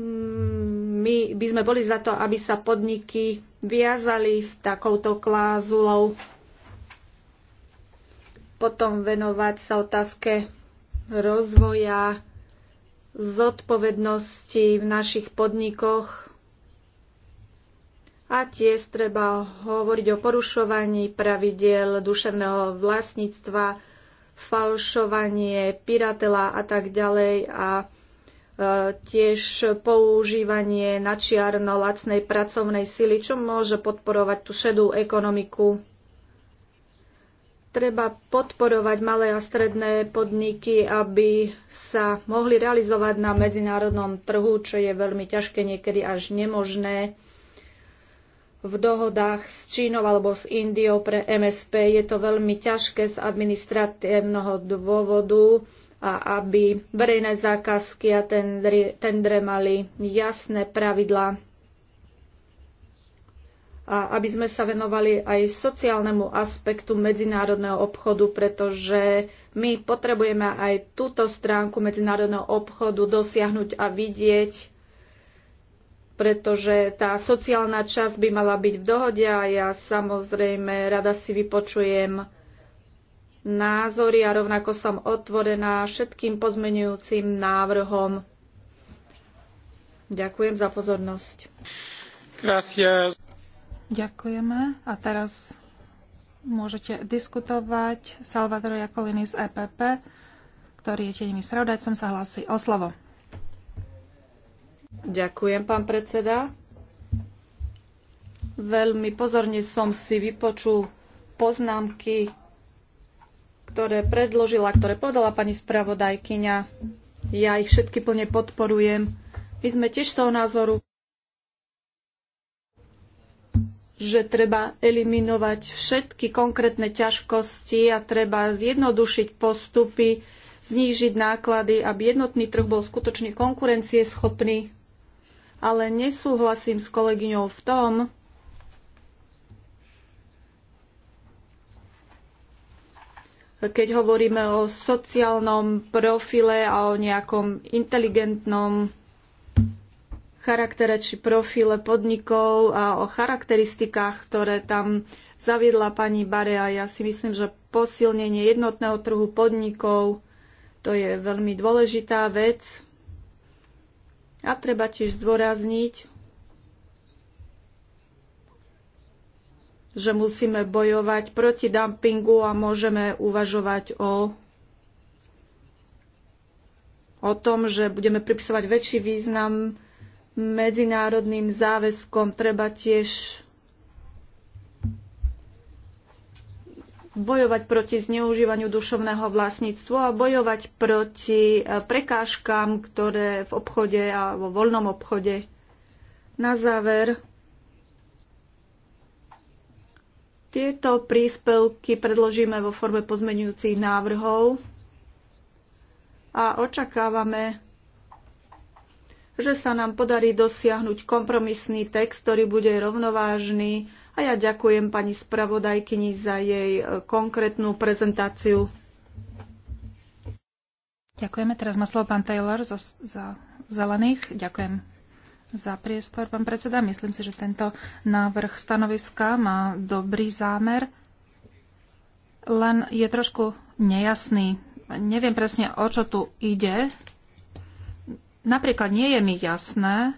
my by sme boli za to, aby sa podniky viazali v takouto klázulou. Potom venovať sa otázke rozvoja, zodpovednosti v našich podnikoch. A tiež treba hovoriť o porušovaní pravidiel duševného vlastníctva, falšovanie, piratela a tak ďalej. A tiež používanie načiarno lacnej pracovnej sily, čo môže podporovať tú šedú ekonomiku. Treba podporovať malé a stredné podniky, aby sa mohli realizovať na medzinárodnom trhu, čo je veľmi ťažké, niekedy až nemožné. V dohodách s Čínou alebo s Indiou pre MSP je to veľmi ťažké z administratívneho dôvodu a aby verejné zákazky a tendre, tendre mali jasné pravidlá a aby sme sa venovali aj sociálnemu aspektu medzinárodného obchodu, pretože my potrebujeme aj túto stránku medzinárodného obchodu dosiahnuť a vidieť, pretože tá sociálna časť by mala byť v dohode a ja samozrejme rada si vypočujem názory a rovnako som otvorená všetkým pozmenujúcim návrhom. Ďakujem za pozornosť. Gracias. Ďakujeme. A teraz môžete diskutovať. Salvador Jakolini z EPP, ktorý je tieňmi som sa hlási o slovo. Ďakujem, pán predseda. Veľmi pozorne som si vypočul poznámky ktoré predložila, ktoré podala pani spravodajkyňa. Ja ich všetky plne podporujem. My sme tiež toho názoru, že treba eliminovať všetky konkrétne ťažkosti a treba zjednodušiť postupy, znížiť náklady, aby jednotný trh bol skutočne konkurencieschopný. Ale nesúhlasím s kolegyňou v tom, keď hovoríme o sociálnom profile a o nejakom inteligentnom charaktere či profile podnikov a o charakteristikách, ktoré tam zaviedla pani Barea. Ja si myslím, že posilnenie jednotného trhu podnikov to je veľmi dôležitá vec. A treba tiež zdôrazniť, že musíme bojovať proti dumpingu a môžeme uvažovať o, o tom, že budeme pripisovať väčší význam medzinárodným záväzkom. Treba tiež bojovať proti zneužívaniu dušovného vlastníctva a bojovať proti e, prekážkám, ktoré v obchode a vo voľnom obchode. Na záver Tieto príspevky predložíme vo forme pozmenujúcich návrhov a očakávame, že sa nám podarí dosiahnuť kompromisný text, ktorý bude rovnovážny a ja ďakujem pani spravodajkyni za jej e, konkrétnu prezentáciu. Ďakujeme. Teraz má slovo pán Taylor za, za zelených. Ďakujem za priestor, pán predseda. Myslím si, že tento návrh stanoviska má dobrý zámer, len je trošku nejasný. Neviem presne, o čo tu ide. Napríklad nie je mi jasné,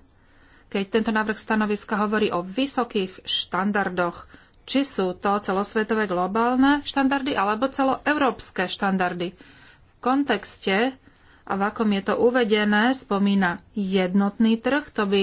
keď tento návrh stanoviska hovorí o vysokých štandardoch, či sú to celosvetové globálne štandardy alebo celoeurópske štandardy. V kontekste a v akom je to uvedené, spomína jednotný trh, to by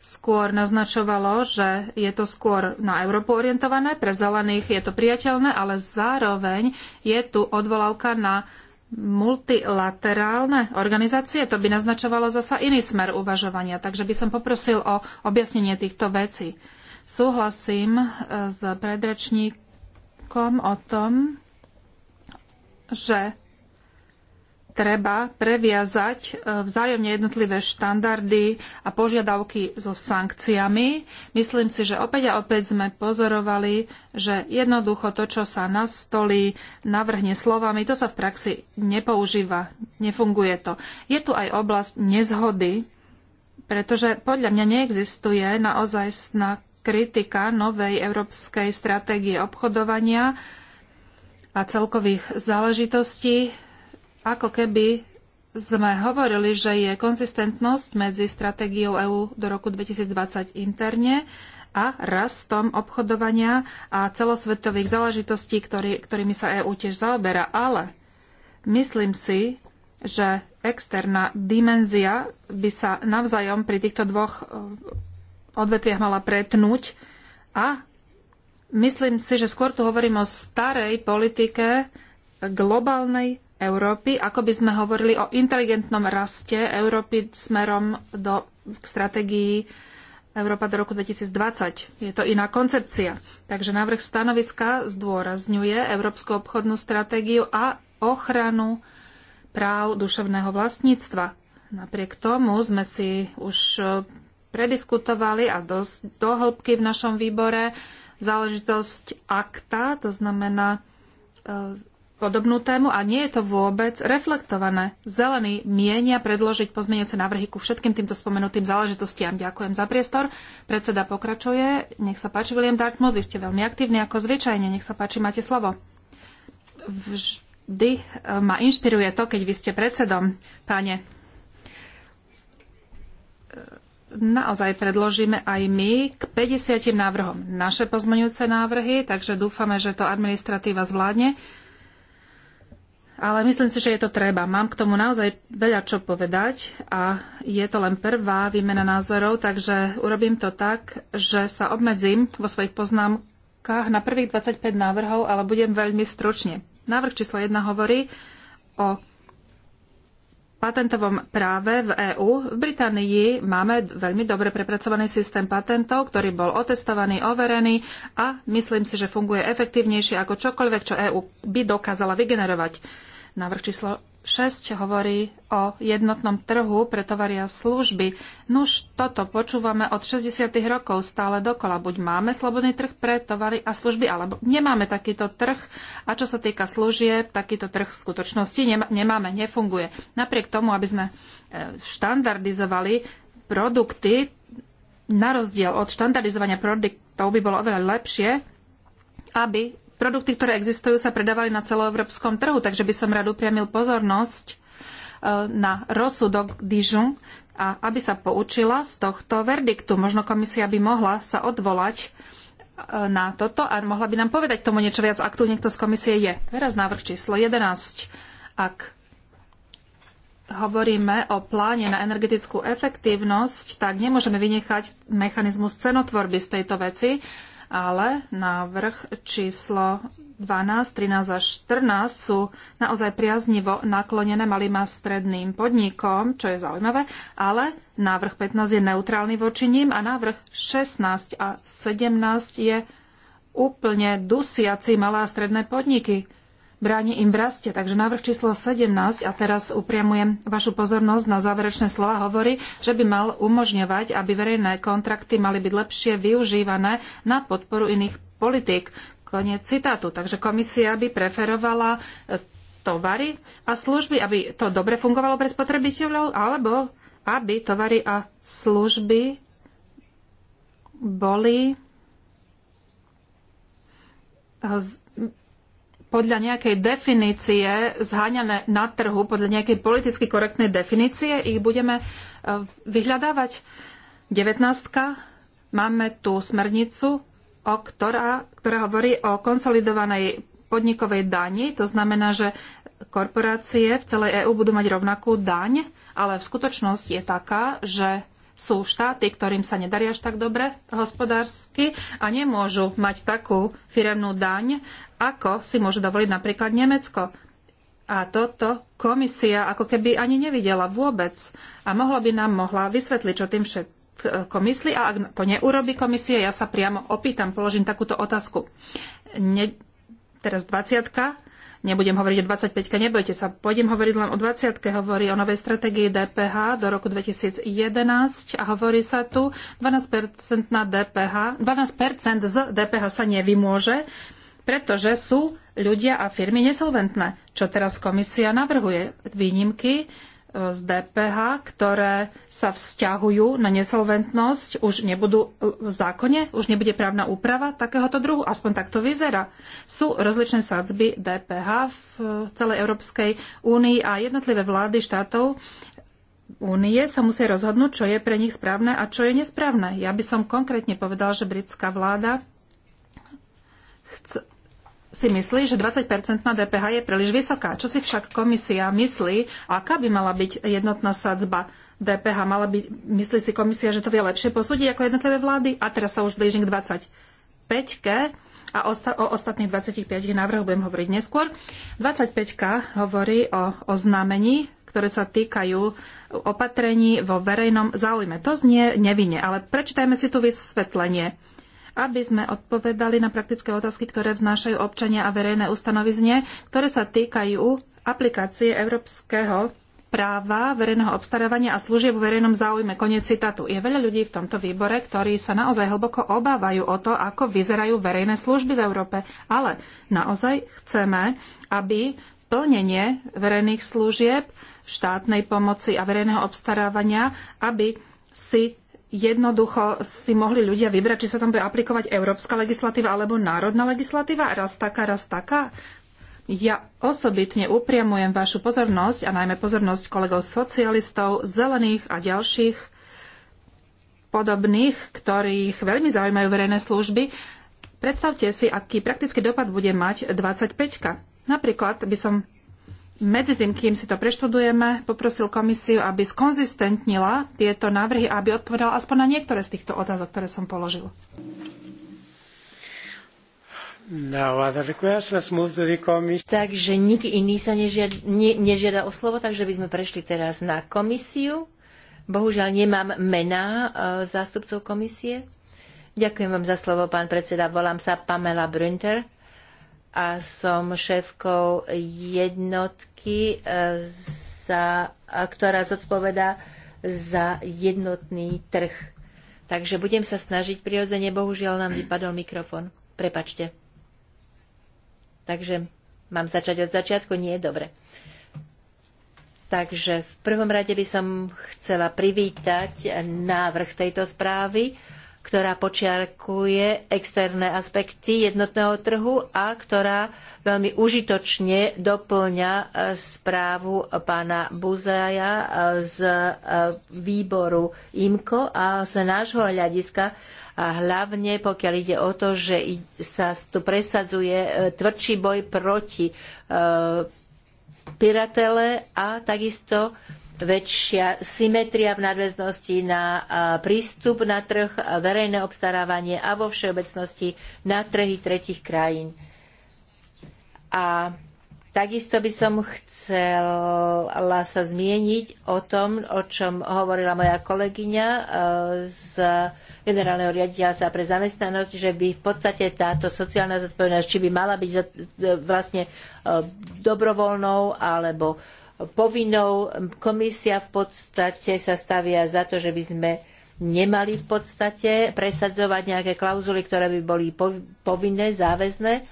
skôr naznačovalo, že je to skôr na Európu orientované, pre zelených je to priateľné, ale zároveň je tu odvolávka na multilaterálne organizácie, to by naznačovalo zasa iný smer uvažovania, takže by som poprosil o objasnenie týchto vecí. Súhlasím e, s predrečníkom o tom, že treba previazať e, vzájomne jednotlivé štandardy a požiadavky so sankciami. Myslím si, že opäť a opäť sme pozorovali, že jednoducho to, čo sa nastolí, navrhne slovami, to sa v praxi nepoužíva, nefunguje to. Je tu aj oblasť nezhody, pretože podľa mňa neexistuje naozaj snak kritika novej európskej stratégie obchodovania a celkových záležitostí ako keby sme hovorili, že je konzistentnosť medzi stratégiou EÚ do roku 2020 interne a rastom obchodovania a celosvetových záležitostí, ktorý, ktorými sa EÚ tiež zaoberá. Ale myslím si, že externá dimenzia by sa navzájom pri týchto dvoch eh, odvetviach mala pretnúť a myslím si, že skôr tu hovorím o starej politike globálnej Európy, ako by sme hovorili o inteligentnom raste Európy smerom do, k stratégii Európa do roku 2020. Je to iná koncepcia. Takže návrh stanoviska zdôrazňuje Európsku obchodnú stratégiu a ochranu práv duševného vlastníctva. Napriek tomu sme si už e, prediskutovali a dosť dohlbky v našom výbore záležitosť akta, to znamená e, podobnú tému a nie je to vôbec reflektované. Zelení mienia predložiť pozmeňujúce návrhy ku všetkým týmto spomenutým záležitostiam. Ďakujem za priestor. Predseda pokračuje. Nech sa páči, William Dartmouth, vy ste veľmi aktívni ako zvyčajne. Nech sa páči, máte slovo. Vždy eh, ma inšpiruje to, keď vy ste predsedom, páne. Eh, naozaj predložíme aj my k 50 návrhom naše pozmeňujúce návrhy, takže dúfame, že to administratíva zvládne ale myslím si, že je to treba. Mám k tomu naozaj veľa čo povedať a je to len prvá výmena názorov, takže urobím to tak, že sa obmedzím vo svojich poznámkach na prvých 25 návrhov, ale budem veľmi stručne. Návrh číslo 1 hovorí o patentovom práve v EÚ. V Británii máme veľmi dobre prepracovaný systém patentov, ktorý bol otestovaný, overený a myslím si, že funguje efektívnejšie ako čokoľvek, čo EÚ by dokázala vygenerovať. Návrh číslo 6 hovorí o jednotnom trhu pre tovary a služby. Nuž toto počúvame od 60. rokov stále dokola. Buď máme slobodný trh pre tovary a služby, alebo nemáme takýto trh. A čo sa týka služieb, takýto trh v skutočnosti nemáme, nefunguje. Napriek tomu, aby sme e, štandardizovali produkty, na rozdiel od štandardizovania produktov by bolo oveľa lepšie, aby produkty, ktoré existujú, sa predávali na celoevropskom trhu, takže by som rád upriamil pozornosť e, na rozsudok Dijon a aby sa poučila z tohto verdiktu. Možno komisia by mohla sa odvolať e, na toto a mohla by nám povedať tomu niečo viac, ak tu niekto z komisie je. Teraz návrh číslo 11. Ak hovoríme o pláne na energetickú efektívnosť, tak nemôžeme vynechať mechanizmus cenotvorby z tejto veci ale návrh číslo 12, 13 až 14 sú naozaj priaznivo naklonené malým a stredným podnikom, čo je zaujímavé, ale návrh 15 je neutrálny voči ním a návrh 16 a 17 je úplne dusiaci malé a stredné podniky bráni im v raste. Takže návrh číslo 17, a teraz upriamujem vašu pozornosť na záverečné slova, hovorí, že by mal umožňovať, aby verejné kontrakty mali byť lepšie využívané na podporu iných politik. Koniec citátu. Takže komisia by preferovala e, tovary a služby, aby to dobre fungovalo pre spotrebiteľov, alebo aby tovary a služby boli podľa nejakej definície zháňané na trhu, podľa nejakej politicky korektnej definície, ich budeme e, vyhľadávať. 19. Máme tu smernicu, o ktorá, ktorá hovorí o konsolidovanej podnikovej dani. To znamená, že korporácie v celej EÚ budú mať rovnakú daň, ale v skutočnosti je taká, že sú štáty, ktorým sa nedarí až tak dobre hospodársky a nemôžu mať takú firemnú daň, ako si môže dovoliť napríklad Nemecko. A toto komisia ako keby ani nevidela vôbec a mohla by nám mohla vysvetliť, čo tým všetko myslí a ak to neurobi Komisie, ja sa priamo opýtam, položím takúto otázku. Ne, teraz 20. Nebudem hovoriť o 25-ke, nebojte sa. Pôjdem hovoriť len o 20-ke. Hovorí o novej stratégii DPH do roku 2011 a hovorí sa tu 12% na DPH, 12% z DPH sa nevymôže, pretože sú ľudia a firmy nesolventné. Čo teraz komisia navrhuje? Výnimky z DPH, ktoré sa vzťahujú na nesolventnosť, už nebudú v zákone, už nebude právna úprava takéhoto druhu, aspoň takto vyzerá. Sú rozličné sadzby DPH v celej Európskej únii a jednotlivé vlády štátov únie sa musia rozhodnúť, čo je pre nich správne a čo je nesprávne. Ja by som konkrétne povedal, že britská vláda chce, si myslí, že 20-percentná DPH je príliš vysoká. Čo si však komisia myslí, aká by mala byť jednotná sadzba DPH? Mala by, myslí si komisia, že to vie lepšie posúdiť ako jednotlivé vlády? A teraz sa už blížim k 25-ke a osta- o ostatných 25 návrhoch budem hovoriť neskôr. 25 hovorí o oznámení, ktoré sa týkajú opatrení vo verejnom záujme. To znie nevinne, ale prečítajme si tu vysvetlenie aby sme odpovedali na praktické otázky, ktoré vznášajú občania a verejné ustanovizne, ktoré sa týkajú aplikácie európskeho práva verejného obstarávania a služieb v verejnom záujme. Konec citátu. Je veľa ľudí v tomto výbore, ktorí sa naozaj hlboko obávajú o to, ako vyzerajú verejné služby v Európe. Ale naozaj chceme, aby plnenie verejných služieb, štátnej pomoci a verejného obstarávania, aby si jednoducho si mohli ľudia vybrať, či sa tam bude aplikovať európska legislatíva alebo národná legislatíva, raz taká, raz taká. Ja osobitne upriamujem vašu pozornosť a najmä pozornosť kolegov socialistov, zelených a ďalších podobných, ktorých veľmi zaujímajú verejné služby. Predstavte si, aký praktický dopad bude mať 25. -ka. Napríklad by som medzi tým, kým si to preštudujeme, poprosil komisiu, aby skonzistentnila tieto návrhy a aby odpovedala aspoň na niektoré z týchto otázok, ktoré som položil. No takže nik iný sa nežiada, nežiada o slovo, takže by sme prešli teraz na komisiu. Bohužiaľ nemám mená e, zástupcov komisie. Ďakujem vám za slovo, pán predseda. Volám sa Pamela Brünter a som šéfkou jednotky, e, za, ktorá zodpovedá za jednotný trh. Takže budem sa snažiť. Prirodzene, bohužiaľ, nám vypadol mikrofon. Prepačte. Takže mám začať od začiatku? Nie, dobre. Takže v prvom rade by som chcela privítať návrh tejto správy ktorá počiarkuje externé aspekty jednotného trhu a ktorá veľmi užitočne doplňa e, správu pána Buzaja e, z e, výboru IMCO a z nášho hľadiska a hlavne pokiaľ ide o to, že sa tu presadzuje tvrdší boj proti piratele a takisto väčšia symetria v nadväznosti na prístup na trh, verejné obstarávanie a vo všeobecnosti na trhy tretich krajín. A takisto by som chcela sa zmieniť o tom, o čom hovorila moja kolegyňa z generálneho riaditeľstva pre zamestnanosť, že by v podstate táto sociálna zodpovednosť, či by mala byť e, vlastne e, dobrovoľnou alebo povinnou. Komisia v podstate sa stavia za to, že by sme nemali v podstate presadzovať nejaké klauzuly, ktoré by boli povinné, záväzné,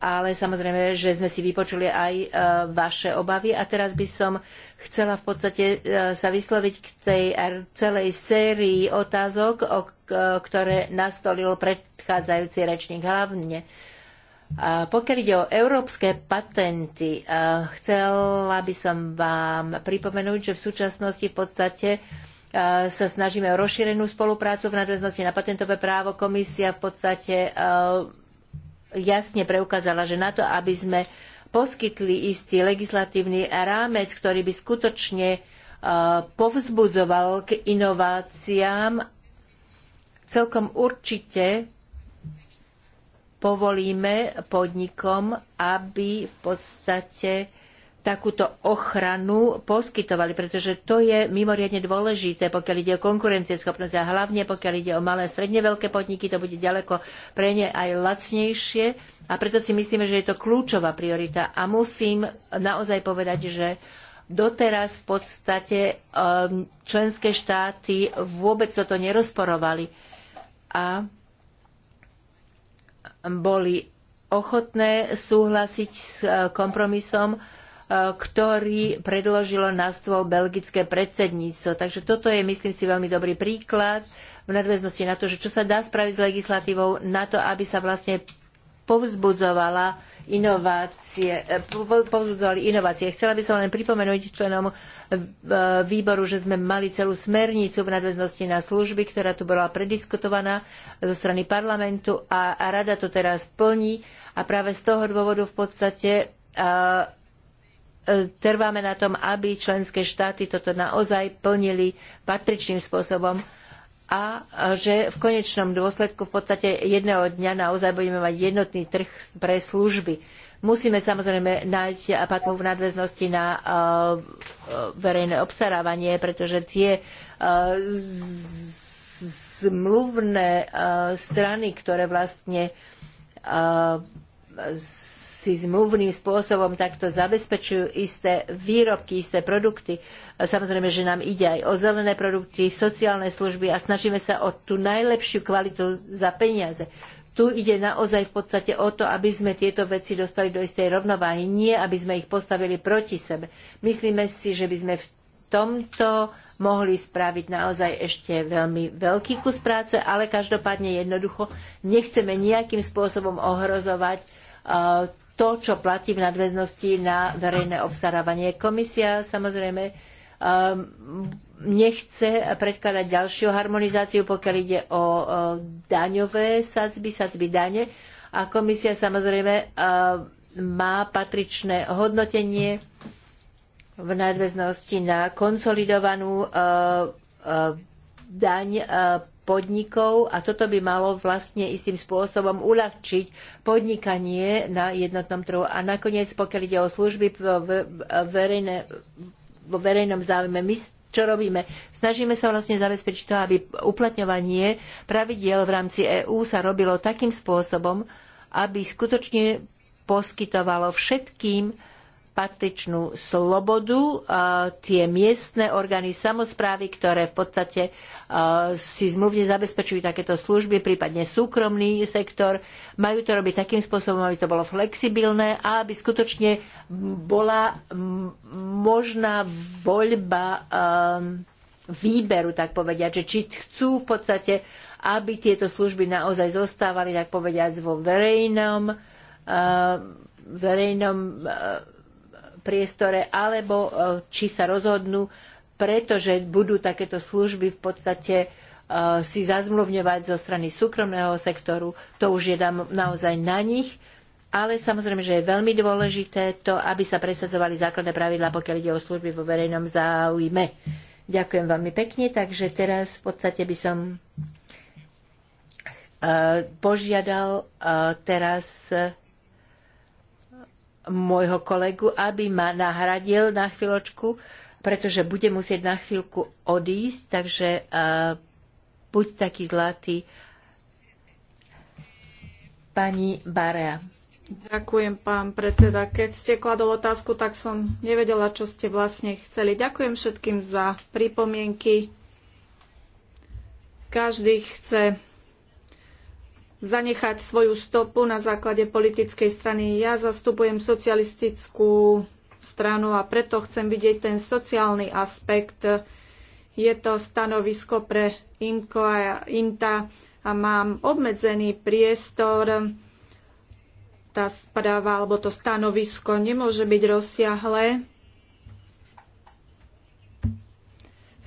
ale samozrejme, že sme si vypočuli aj e, vaše obavy a teraz by som chcela v podstate e, sa vysloviť k tej er, celej sérii otázok, e, ktoré nastolil predchádzajúci rečník hlavne a pokiaľ ide o európske patenty, chcela by som vám pripomenúť, že v súčasnosti v podstate sa snažíme o rozšírenú spoluprácu v nadväznosti na patentové právo. Komisia v podstate jasne preukázala, že na to, aby sme poskytli istý legislatívny rámec, ktorý by skutočne povzbudzoval k inováciám, celkom určite povolíme podnikom, aby v podstate takúto ochranu poskytovali, pretože to je mimoriadne dôležité, pokiaľ ide o konkurencieschopnosť a hlavne pokiaľ ide o malé a stredne veľké podniky, to bude ďaleko pre ne aj lacnejšie a preto si myslíme, že je to kľúčová priorita a musím naozaj povedať, že doteraz v podstate ehm, členské štáty vôbec toto nerozporovali a boli ochotné súhlasiť s e, kompromisom, e, ktorý predložilo na stôl belgické predsedníctvo. Takže toto je, myslím si, veľmi dobrý príklad v nadväznosti na to, že čo sa dá spraviť s legislatívou na to, aby sa vlastne povzbudzovala inovácie, eh, povzbudzovali inovácie. Chcela by som len pripomenúť členom eh, výboru, že sme mali celú smernicu v nadväznosti na služby, ktorá tu bola prediskutovaná zo strany parlamentu a, rada to teraz plní a práve z toho dôvodu v podstate eh, trváme na tom, aby členské štáty toto naozaj plnili patričným spôsobom a že v konečnom dôsledku v podstate jedného dňa naozaj budeme mať jednotný trh pre služby. Musíme samozrejme nájsť patmu v nadväznosti na e, e, verejné obstarávanie, pretože tie e, zmluvné strany, ktoré vlastne si zmluvným spôsobom takto zabezpečujú isté výrobky, isté produkty. Samozrejme, že nám ide aj o zelené produkty, sociálne služby a snažíme sa o tú najlepšiu kvalitu za peniaze. Tu ide naozaj v podstate o to, aby sme tieto veci dostali do istej rovnováhy, nie aby sme ich postavili proti sebe. Myslíme si, že by sme v tomto mohli spraviť naozaj ešte veľmi veľký kus práce, ale každopádne jednoducho nechceme nejakým spôsobom ohrozovať Eh, to, čo platí v nadväznosti na verejné obstarávanie. Komisia samozrejme eh, nechce predkladať ďalšiu harmonizáciu, pokiaľ ide o eh, daňové sadzby, sadzby dane. A komisia samozrejme má patričné hodnotenie v nadväznosti na konsolidovanú daň podnikov a toto by malo vlastne istým spôsobom uľahčiť podnikanie na jednotnom trhu. A nakoniec, pokiaľ ide o služby verejné, vo verejnom záujme, my čo robíme? Snažíme sa vlastne zabezpečiť to, aby uplatňovanie pravidiel v rámci EÚ sa robilo takým spôsobom, aby skutočne poskytovalo všetkým patričnú slobodu tie miestne orgány samozprávy, ktoré v podstate si zmluvne zabezpečujú takéto služby, prípadne súkromný sektor. Majú to robiť takým spôsobom, aby to bolo flexibilné a aby skutočne bola možná voľba výberu, tak povediať, že či chcú v podstate, aby tieto služby naozaj zostávali, tak povediať, vo verejnom verejnom priestore, alebo e, či sa rozhodnú, pretože budú takéto služby v podstate e, si zazmluvňovať zo strany súkromného sektoru. To už je naozaj na nich. Ale samozrejme, že je veľmi dôležité to, aby sa presadzovali základné pravidlá, pokiaľ ide o služby vo verejnom záujme. Ďakujem veľmi pekne, takže teraz v podstate by som e, požiadal teraz môjho kolegu, aby ma nahradil na chvíľočku, pretože bude musieť na chvíľku odísť, takže uh, buď taký zlatý. Pani Barea. Ďakujem, pán predseda. Keď ste kladol otázku, tak som nevedela, čo ste vlastne chceli. Ďakujem všetkým za pripomienky. Každý chce zanechať svoju stopu na základe politickej strany. Ja zastupujem socialistickú stranu a preto chcem vidieť ten sociálny aspekt. Je to stanovisko pre INKO a INTA a mám obmedzený priestor. Tá správa alebo to stanovisko nemôže byť rozsiahle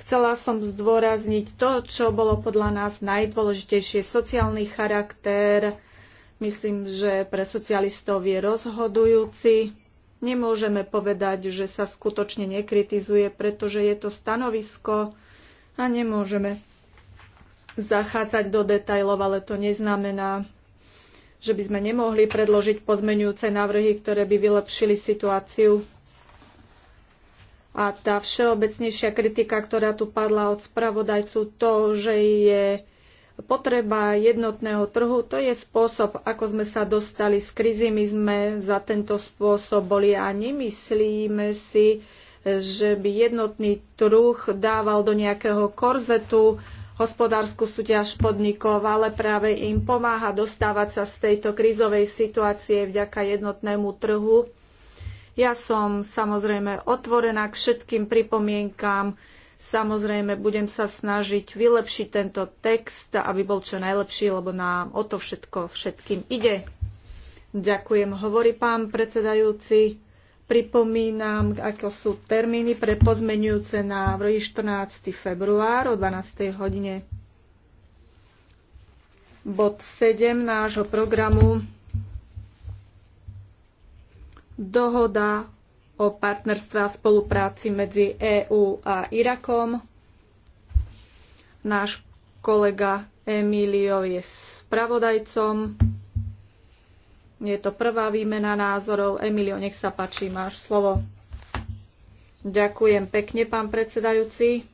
Chcela som zdôrazniť to, čo bolo podľa nás najdôležitejšie, sociálny charakter. Myslím, že pre socialistov je rozhodujúci. Nemôžeme povedať, že sa skutočne nekritizuje, pretože je to stanovisko a nemôžeme zachádzať do detajlov, ale to neznamená, že by sme nemohli predložiť pozmenujúce návrhy, ktoré by vylepšili situáciu. A tá všeobecnejšia kritika, ktorá tu padla od spravodajcu, to, že je potreba jednotného trhu, to je spôsob, ako sme sa dostali z krízy. My sme za tento spôsob boli a nemyslíme si, že by jednotný trh dával do nejakého korzetu hospodárskú súťaž podnikov, ale práve im pomáha dostávať sa z tejto krízovej situácie vďaka jednotnému trhu ja som samozrejme otvorená k všetkým pripomienkám. Samozrejme, budem sa snažiť vylepšiť tento text, aby bol čo najlepší, lebo nám o to všetko všetkým ide. Ďakujem, hovorí pán predsedajúci. Pripomínam, ako sú termíny pre pozmenujúce návrhy 14. február o 12. hodine. Bod 7 nášho programu dohoda o partnerstve a spolupráci medzi EÚ a Irakom. Náš kolega Emilio je spravodajcom. Je to prvá výmena názorov. Emilio, nech sa páči, máš slovo. Ďakujem pekne, pán predsedajúci.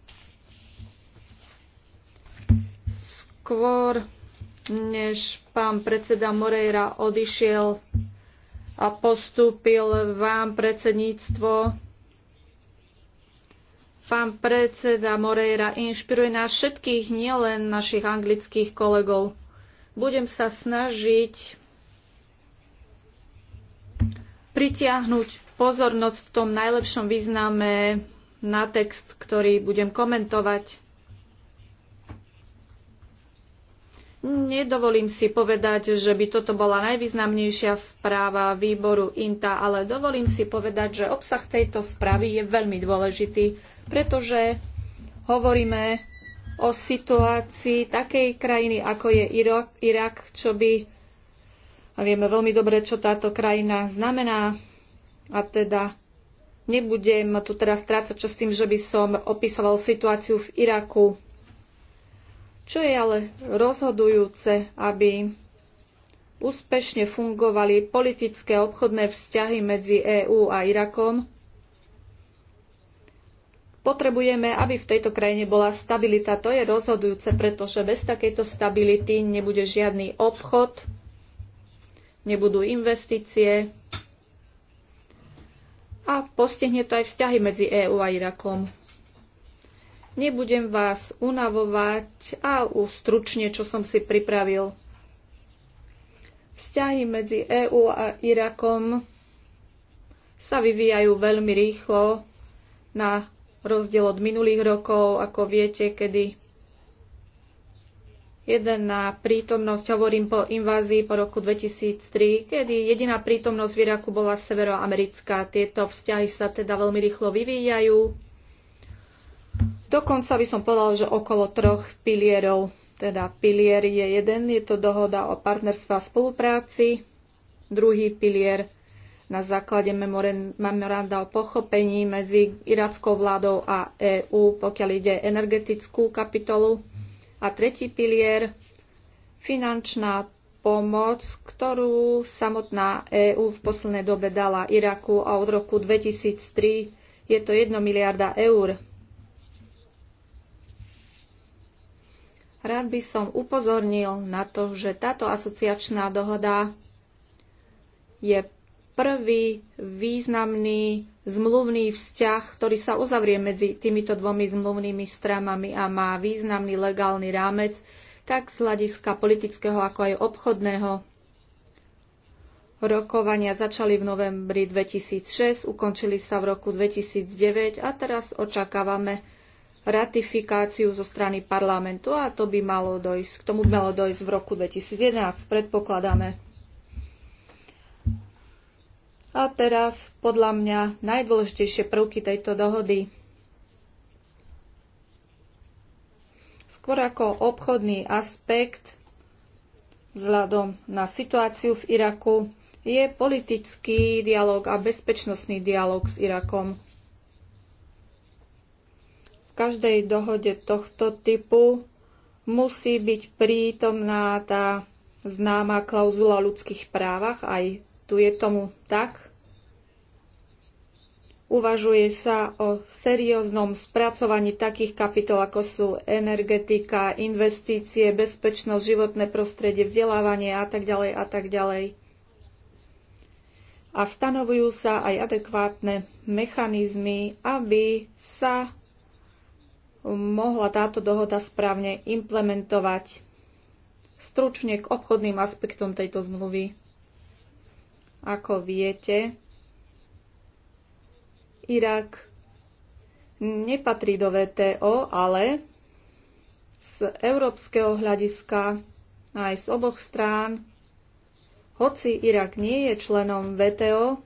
Skôr, než pán predseda Moreira odišiel, a postúpil vám predsedníctvo. Pán predseda Moreira inšpiruje nás všetkých, nielen našich anglických kolegov. Budem sa snažiť pritiahnuť pozornosť v tom najlepšom význame na text, ktorý budem komentovať. Nedovolím si povedať, že by toto bola najvýznamnejšia správa výboru INTA, ale dovolím si povedať, že obsah tejto správy je veľmi dôležitý, pretože hovoríme o situácii takej krajiny, ako je Irak, Irak čo by, a vieme veľmi dobre, čo táto krajina znamená, a teda nebudem tu teraz strácať čas tým, že by som opisoval situáciu v Iraku. Čo je ale rozhodujúce, aby úspešne fungovali politické obchodné vzťahy medzi EÚ a Irakom, potrebujeme, aby v tejto krajine bola stabilita. To je rozhodujúce, pretože bez takejto stability nebude žiadny obchod, nebudú investície a postihne to aj vzťahy medzi EÚ a Irakom. Nebudem vás unavovať a stručne, čo som si pripravil. Vzťahy medzi EÚ a Irakom sa vyvíjajú veľmi rýchlo na rozdiel od minulých rokov, ako viete, kedy Jeden na prítomnosť, hovorím po invázii po roku 2003, kedy jediná prítomnosť v Iraku bola severoamerická. Tieto vzťahy sa teda veľmi rýchlo vyvíjajú. Dokonca by som povedal, že okolo troch pilierov. Teda pilier je jeden, je to dohoda o partnerstve a spolupráci. Druhý pilier na základe memoranda o pochopení medzi irackou vládou a EÚ, pokiaľ ide energetickú kapitolu. A tretí pilier, finančná pomoc, ktorú samotná EÚ v poslednej dobe dala Iraku a od roku 2003 je to 1 miliarda eur. Rád by som upozornil na to, že táto asociačná dohoda je prvý významný zmluvný vzťah, ktorý sa uzavrie medzi týmito dvomi zmluvnými stranami a má významný legálny rámec, tak z hľadiska politického ako aj obchodného. Rokovania začali v novembri 2006, ukončili sa v roku 2009 a teraz očakávame ratifikáciu zo strany parlamentu a to by malo dojsť, k tomu by malo dojsť v roku 2011, predpokladáme. A teraz podľa mňa najdôležitejšie prvky tejto dohody. Skôr ako obchodný aspekt vzhľadom na situáciu v Iraku je politický dialog a bezpečnostný dialog s Irakom každej dohode tohto typu musí byť prítomná tá známa klauzula o ľudských právach, aj tu je tomu tak. Uvažuje sa o serióznom spracovaní takých kapitol, ako sú energetika, investície, bezpečnosť, životné prostredie, vzdelávanie a tak ďalej a tak ďalej. A stanovujú sa aj adekvátne mechanizmy, aby sa mohla táto dohoda správne implementovať. Stručne k obchodným aspektom tejto zmluvy. Ako viete, Irak nepatrí do VTO, ale z európskeho hľadiska aj z oboch strán, hoci Irak nie je členom VTO,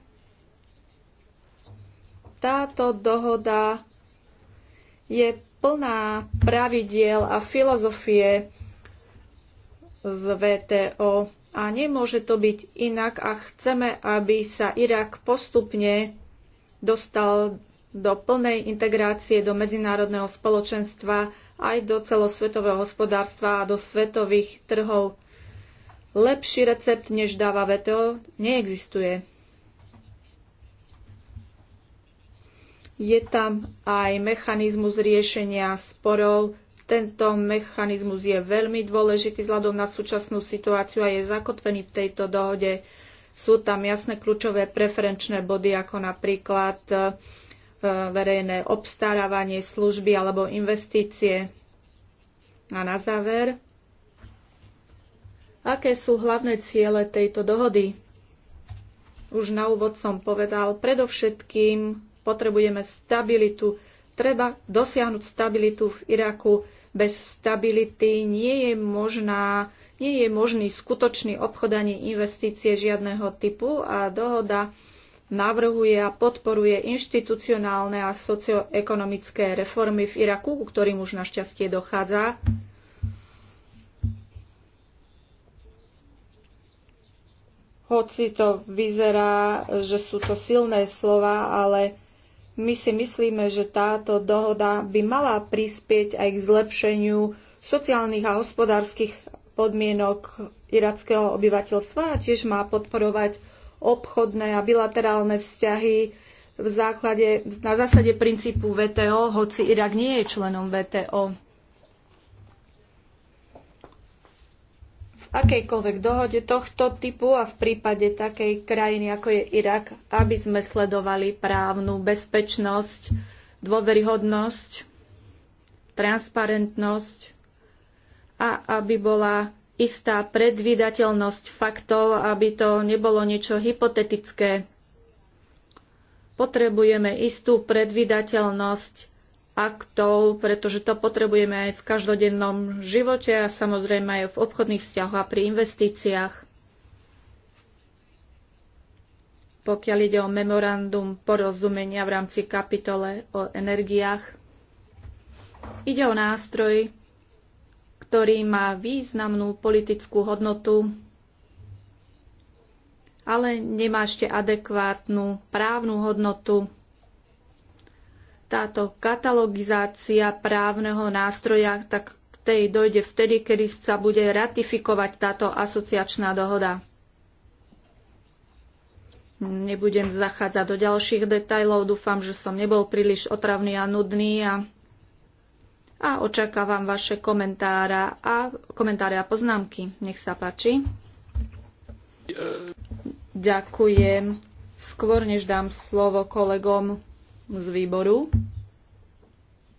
táto dohoda je plná pravidiel a filozofie z VTO a nemôže to byť inak a chceme, aby sa Irak postupne dostal do plnej integrácie do medzinárodného spoločenstva aj do celosvetového hospodárstva a do svetových trhov. Lepší recept, než dáva VTO, neexistuje. Je tam aj mechanizmus riešenia sporov. Tento mechanizmus je veľmi dôležitý vzhľadom na súčasnú situáciu a je zakotvený v tejto dohode. Sú tam jasné kľúčové preferenčné body, ako napríklad e, verejné obstarávanie služby alebo investície. A na záver, aké sú hlavné ciele tejto dohody? Už na úvod som povedal, predovšetkým potrebujeme stabilitu. Treba dosiahnuť stabilitu v Iraku. Bez stability nie je, možná, nie je možný skutočný obchod ani investície žiadneho typu a dohoda navrhuje a podporuje inštitucionálne a socioekonomické reformy v Iraku, ku ktorým už našťastie dochádza. Hoci to vyzerá, že sú to silné slova, ale my si myslíme, že táto dohoda by mala prispieť aj k zlepšeniu sociálnych a hospodárskych podmienok irackého obyvateľstva a tiež má podporovať obchodné a bilaterálne vzťahy v základe, na zásade princípu VTO, hoci Irak nie je členom VTO. akejkoľvek dohode tohto typu a v prípade takej krajiny, ako je Irak, aby sme sledovali právnu bezpečnosť, dôveryhodnosť, transparentnosť a aby bola istá predvydateľnosť faktov, aby to nebolo niečo hypotetické. Potrebujeme istú predvydateľnosť aktov, pretože to potrebujeme aj v každodennom živote a samozrejme aj v obchodných vzťahoch a pri investíciách. Pokiaľ ide o memorandum porozumenia v rámci kapitole o energiách, ide o nástroj, ktorý má významnú politickú hodnotu, ale nemá ešte adekvátnu právnu hodnotu táto katalogizácia právneho nástroja, tak k tej dojde vtedy, kedy sa bude ratifikovať táto asociačná dohoda. Nebudem zachádzať do ďalších detajlov, dúfam, že som nebol príliš otravný a nudný a, a očakávam vaše komentára a, komentáre a poznámky. Nech sa páči. Ďakujem. Skôr než dám slovo kolegom, z výboru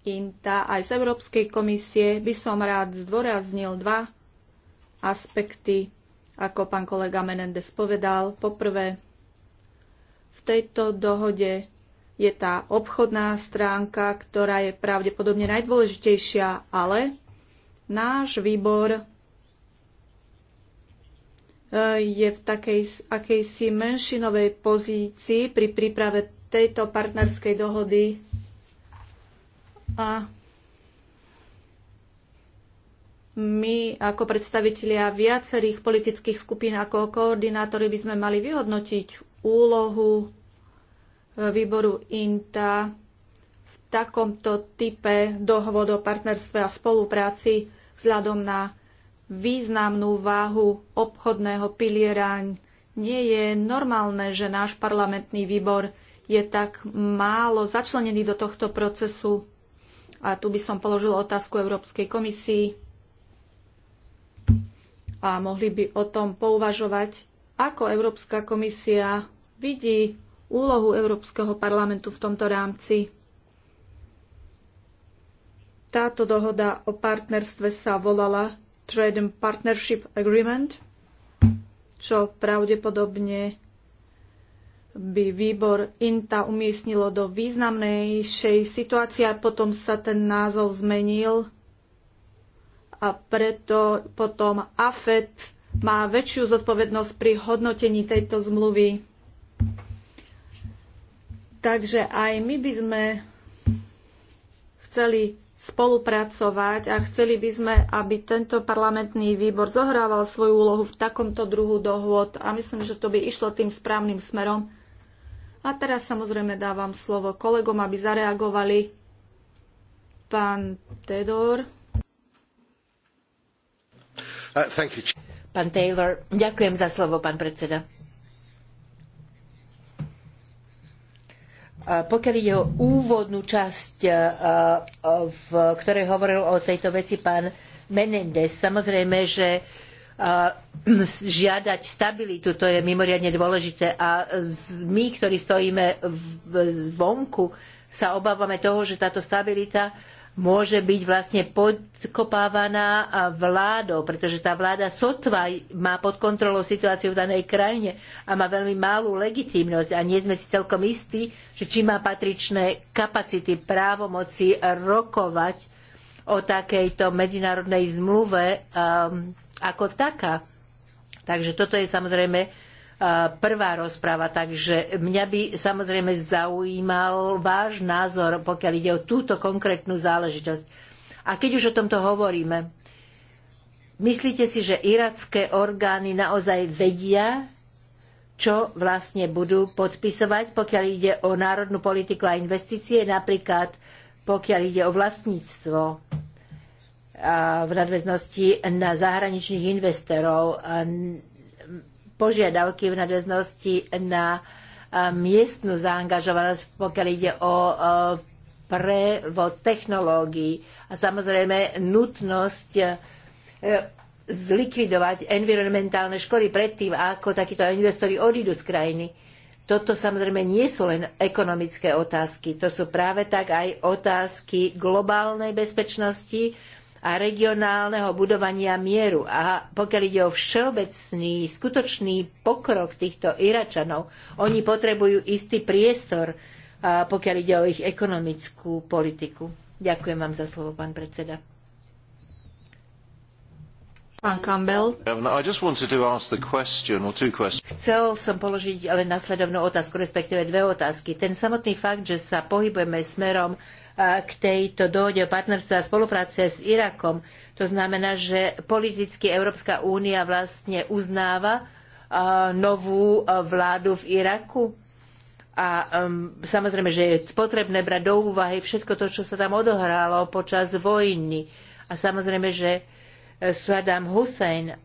INTA aj z Európskej komisie by som rád zdôraznil dva aspekty, ako pán kolega Menendez povedal. Poprvé, v tejto dohode je tá obchodná stránka, ktorá je pravdepodobne najdôležitejšia, ale náš výbor e, je v takej akejsi menšinovej pozícii pri príprave tejto partnerskej dohody a my ako predstavitelia viacerých politických skupín ako koordinátori by sme mali vyhodnotiť úlohu e, výboru INTA v takomto type dohovod o partnerstve a spolupráci vzhľadom na významnú váhu obchodného piliera. Nie je normálne, že náš parlamentný výbor je tak málo začlenený do tohto procesu. A tu by som položila otázku Európskej komisii a mohli by o tom pouvažovať, ako Európska komisia vidí úlohu Európskeho parlamentu v tomto rámci. Táto dohoda o partnerstve sa volala Trade and Partnership Agreement, čo pravdepodobne by výbor INTA umiestnilo do významnejšej situácie a potom sa ten názov zmenil a preto potom AFET má väčšiu zodpovednosť pri hodnotení tejto zmluvy. Takže aj my by sme chceli spolupracovať a chceli by sme, aby tento parlamentný výbor zohrával svoju úlohu v takomto druhu dohôd a myslím, že to by išlo tým správnym smerom a teraz samozrejme dávam slovo kolegom, aby zareagovali. Pán Tedor. Uh, pán Taylor, ďakujem za slovo, pán predseda. Pokiaľ ide o úvodnú časť, v ktorej hovoril o tejto veci pán Menendez, samozrejme, že Eh, žiadať stabilitu, to je mimoriadne dôležité. A my, ktorí stojíme vonku, sa obávame toho, že táto stabilita môže byť vlastne podkopávaná vládou, pretože tá vláda sotva má pod kontrolou situáciu v danej krajine a má veľmi málu legitímnosť a nie sme si celkom istí, že či má patričné kapacity právomoci rokovať o takejto medzinárodnej zmluve um, ako taká. Takže toto je samozrejme eh, prvá rozpráva, takže mňa by samozrejme zaujímal váš názor, pokiaľ ide o túto konkrétnu záležitosť. A keď už o tomto hovoríme, myslíte si, že iracké orgány naozaj vedia, čo vlastne budú podpisovať, pokiaľ ide o národnú politiku a investície, napríklad pokiaľ ide o vlastníctvo v nadväznosti na zahraničných investorov, požiadavky v nadväznosti na miestnu zaangažovanosť, pokiaľ ide o prevod technológií a samozrejme nutnosť zlikvidovať environmentálne škody predtým, ako takíto investori odídu z krajiny. Toto samozrejme nie sú len ekonomické otázky, to sú práve tak aj otázky globálnej bezpečnosti, a regionálneho budovania mieru. A pokiaľ ide o všeobecný, skutočný pokrok týchto Iračanov, oni potrebujú istý priestor, pokiaľ ide o ich ekonomickú politiku. Ďakujem vám za slovo, pán predseda. Pán Campbell. Um, Chcel som položiť ale nasledovnú otázku, respektíve dve otázky. Ten samotný fakt, že sa pohybujeme smerom k tejto dohode o partnerstve a spolupráce s Irakom. To znamená, že politicky Európska únia vlastne uznáva novú vládu v Iraku. A um, samozrejme, že je potrebné brať do úvahy všetko to, čo sa tam odohralo počas vojny. A samozrejme, že e, Saddam Hussein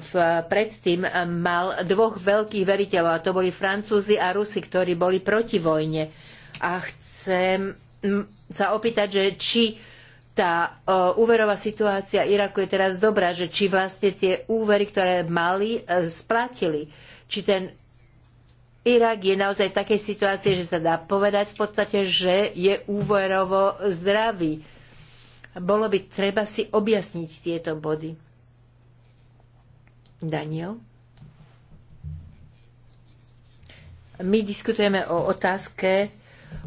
v, predtým mal dvoch veľkých veriteľov, a to boli Francúzi a Rusi, ktorí boli proti vojne. A chcem sa opýtať, že či tá úverová situácia Iraku je teraz dobrá, že či vlastne tie úvery, ktoré mali, e, splatili. Či ten Irak je naozaj v takej situácii, že sa dá povedať v podstate, že je úverovo zdravý. Bolo by treba si objasniť tieto body. Daniel? My diskutujeme o otázke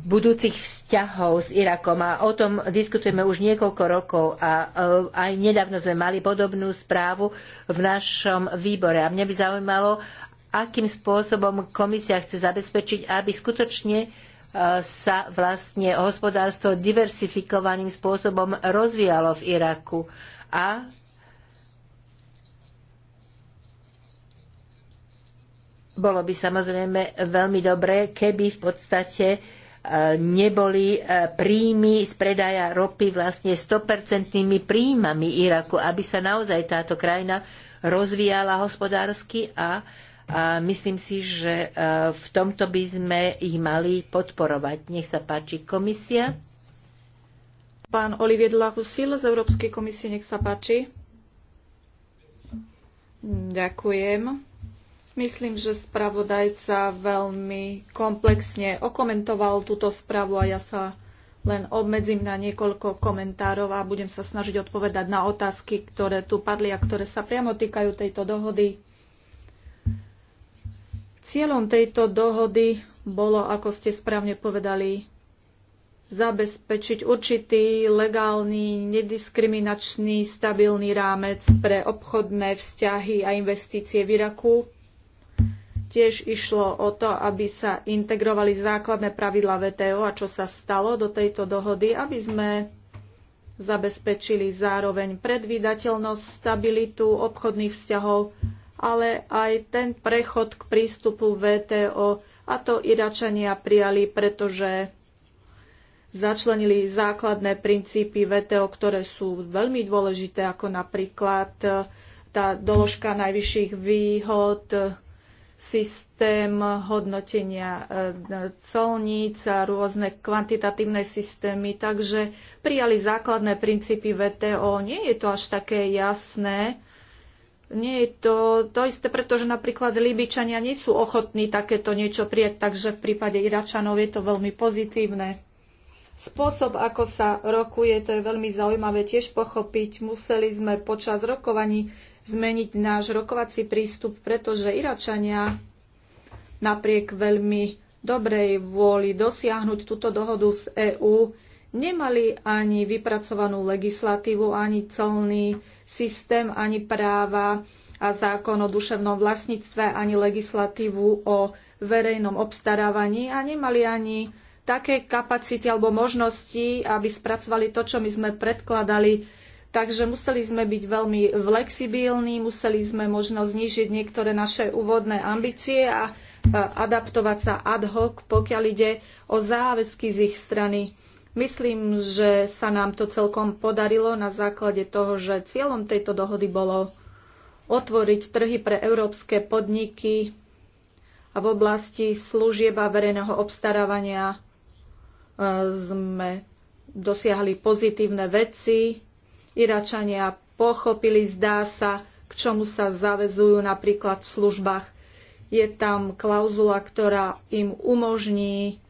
budúcich vzťahov s Irakom a o tom diskutujeme už niekoľko rokov a e, aj nedávno sme mali podobnú správu v našom výbore. A mňa by zaujímalo, akým spôsobom komisia chce zabezpečiť, aby skutočne e, sa vlastne hospodárstvo diversifikovaným spôsobom rozvíjalo v Iraku a bolo by samozrejme veľmi dobré, keby v podstate neboli e, príjmy z predaja ropy vlastne 100% príjmami Iraku, aby sa naozaj táto krajina rozvíjala hospodársky a a myslím si, že e, v tomto by sme ich mali podporovať. Nech sa páči komisia. Pán Olivier Lahusil z Európskej komisie, nech sa páči. Ďakujem. Myslím, že spravodajca veľmi komplexne okomentoval túto správu a ja sa len obmedzím na niekoľko komentárov a budem sa snažiť odpovedať na otázky, ktoré tu padli a ktoré sa priamo týkajú tejto dohody. Cieľom tejto dohody bolo, ako ste správne povedali, zabezpečiť určitý legálny, nediskriminačný, stabilný rámec pre obchodné vzťahy a investície v Iraku Tiež išlo o to, aby sa integrovali základné pravidla VTO a čo sa stalo do tejto dohody, aby sme zabezpečili zároveň predvídateľnosť, stabilitu obchodných vzťahov, ale aj ten prechod k prístupu VTO a to Iračania prijali, pretože začlenili základné princípy VTO, ktoré sú veľmi dôležité, ako napríklad eh, tá doložka najvyšších výhod, systém hodnotenia e, colníc a rôzne kvantitatívne systémy, takže prijali základné princípy VTO. Nie je to až také jasné. Nie je to to isté, pretože napríklad Libičania nie sú ochotní takéto niečo prijať, takže v prípade Iračanov je to veľmi pozitívne. Spôsob, ako sa rokuje, to je veľmi zaujímavé tiež pochopiť. Museli sme počas rokovaní zmeniť náš rokovací prístup, pretože Iračania napriek veľmi dobrej vôli dosiahnuť túto dohodu z EÚ nemali ani vypracovanú legislatívu, ani celný systém, ani práva a zákon o duševnom vlastníctve, ani legislatívu o verejnom obstarávaní a nemali ani také kapacity alebo možnosti, aby spracovali to, čo my sme predkladali Takže museli sme byť veľmi flexibilní, museli sme možno znížiť niektoré naše úvodné ambície a adaptovať sa ad hoc, pokiaľ ide o záväzky z ich strany. Myslím, že sa nám to celkom podarilo na základe toho, že cieľom tejto dohody bolo otvoriť trhy pre európske podniky a v oblasti služieb a verejného obstarávania e, sme dosiahli pozitívne veci Iračania pochopili, zdá sa, k čomu sa zavezujú napríklad v službách. Je tam klauzula, ktorá im umožní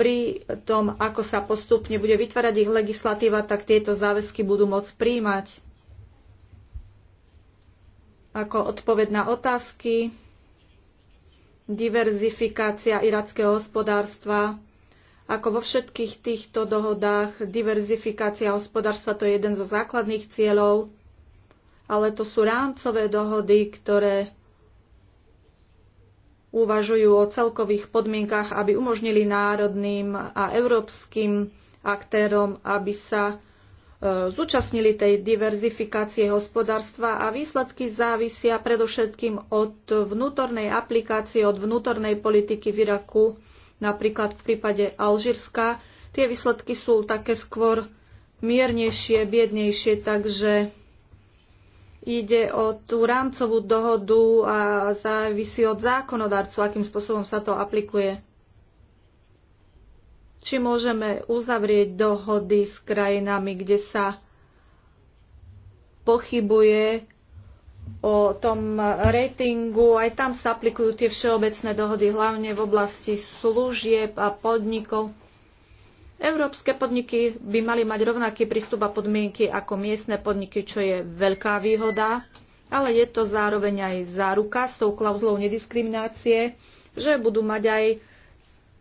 pri tom, ako sa postupne bude vytvárať ich legislatíva, tak tieto záväzky budú môcť príjmať. Ako odpoved na otázky, diverzifikácia irackého hospodárstva ako vo všetkých týchto dohodách, diverzifikácia hospodárstva to je jeden zo základných cieľov, ale to sú rámcové dohody, ktoré uvažujú o celkových podmienkach, aby umožnili národným a európskym aktérom, aby sa e, zúčastnili tej diverzifikácie hospodárstva a výsledky závisia predovšetkým od vnútornej aplikácie, od vnútornej politiky v Iraku Napríklad v prípade Alžírska tie výsledky sú také skôr miernejšie, biednejšie, takže ide o tú rámcovú dohodu a závisí od zákonodarcu, akým spôsobom sa to aplikuje. Či môžeme uzavrieť dohody s krajinami, kde sa pochybuje o tom ratingu, aj tam sa aplikujú tie všeobecné dohody, hlavne v oblasti služieb a podnikov. Európske podniky by mali mať rovnaký prístup a podmienky ako miestne podniky, čo je veľká výhoda, ale je to zároveň aj záruka s tou klauzulou nediskriminácie, že budú mať aj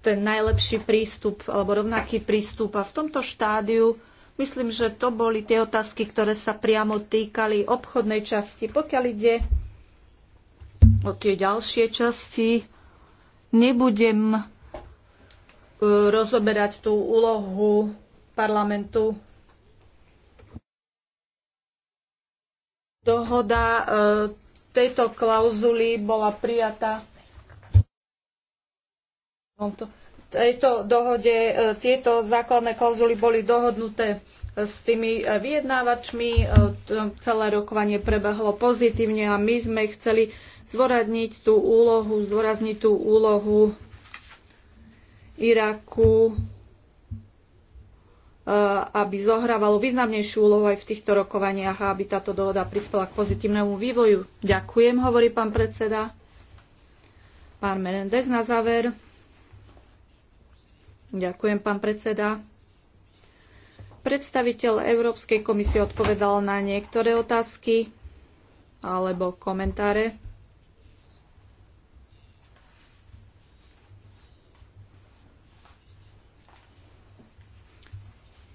ten najlepší prístup alebo rovnaký prístup. A v tomto štádiu Myslím, že to boli tie otázky, ktoré sa priamo týkali obchodnej časti. Pokiaľ ide o tie ďalšie časti, nebudem e, rozoberať tú úlohu parlamentu dohoda e, tejto klauzuly bola prijatá tejto dohode e, tieto základné klauzuly boli dohodnuté e, s tými e, vyjednávačmi. Celé rokovanie prebehlo pozitívne a my sme chceli zvoradniť tú úlohu, zvorazniť tú úlohu Iraku, aby zohrávalo významnejšiu úlohu aj v týchto rokovaniach a aby táto dohoda prispela k pozitívnemu vývoju. Ďakujem, hovorí pán predseda. Pán Menendez na záver. Ďakujem, pán predseda. Predstaviteľ Európskej komisie odpovedal na niektoré otázky alebo komentáre.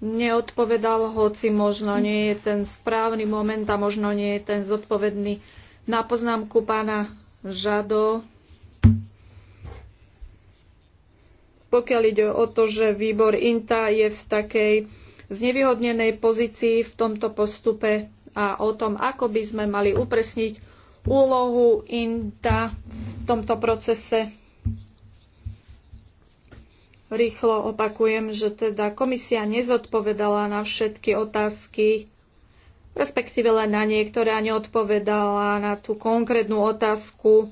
neodpovedal, hoci možno nie je ten správny moment a možno nie je ten zodpovedný. Na poznámku pána Žado pokiaľ ide o to, že výbor INTA je v takej znevýhodnenej pozícii v tomto postupe a o tom, ako by sme mali upresniť úlohu INTA v tomto procese. Rýchlo opakujem, že teda komisia nezodpovedala na všetky otázky, respektíve len na niektoré a neodpovedala na tú konkrétnu otázku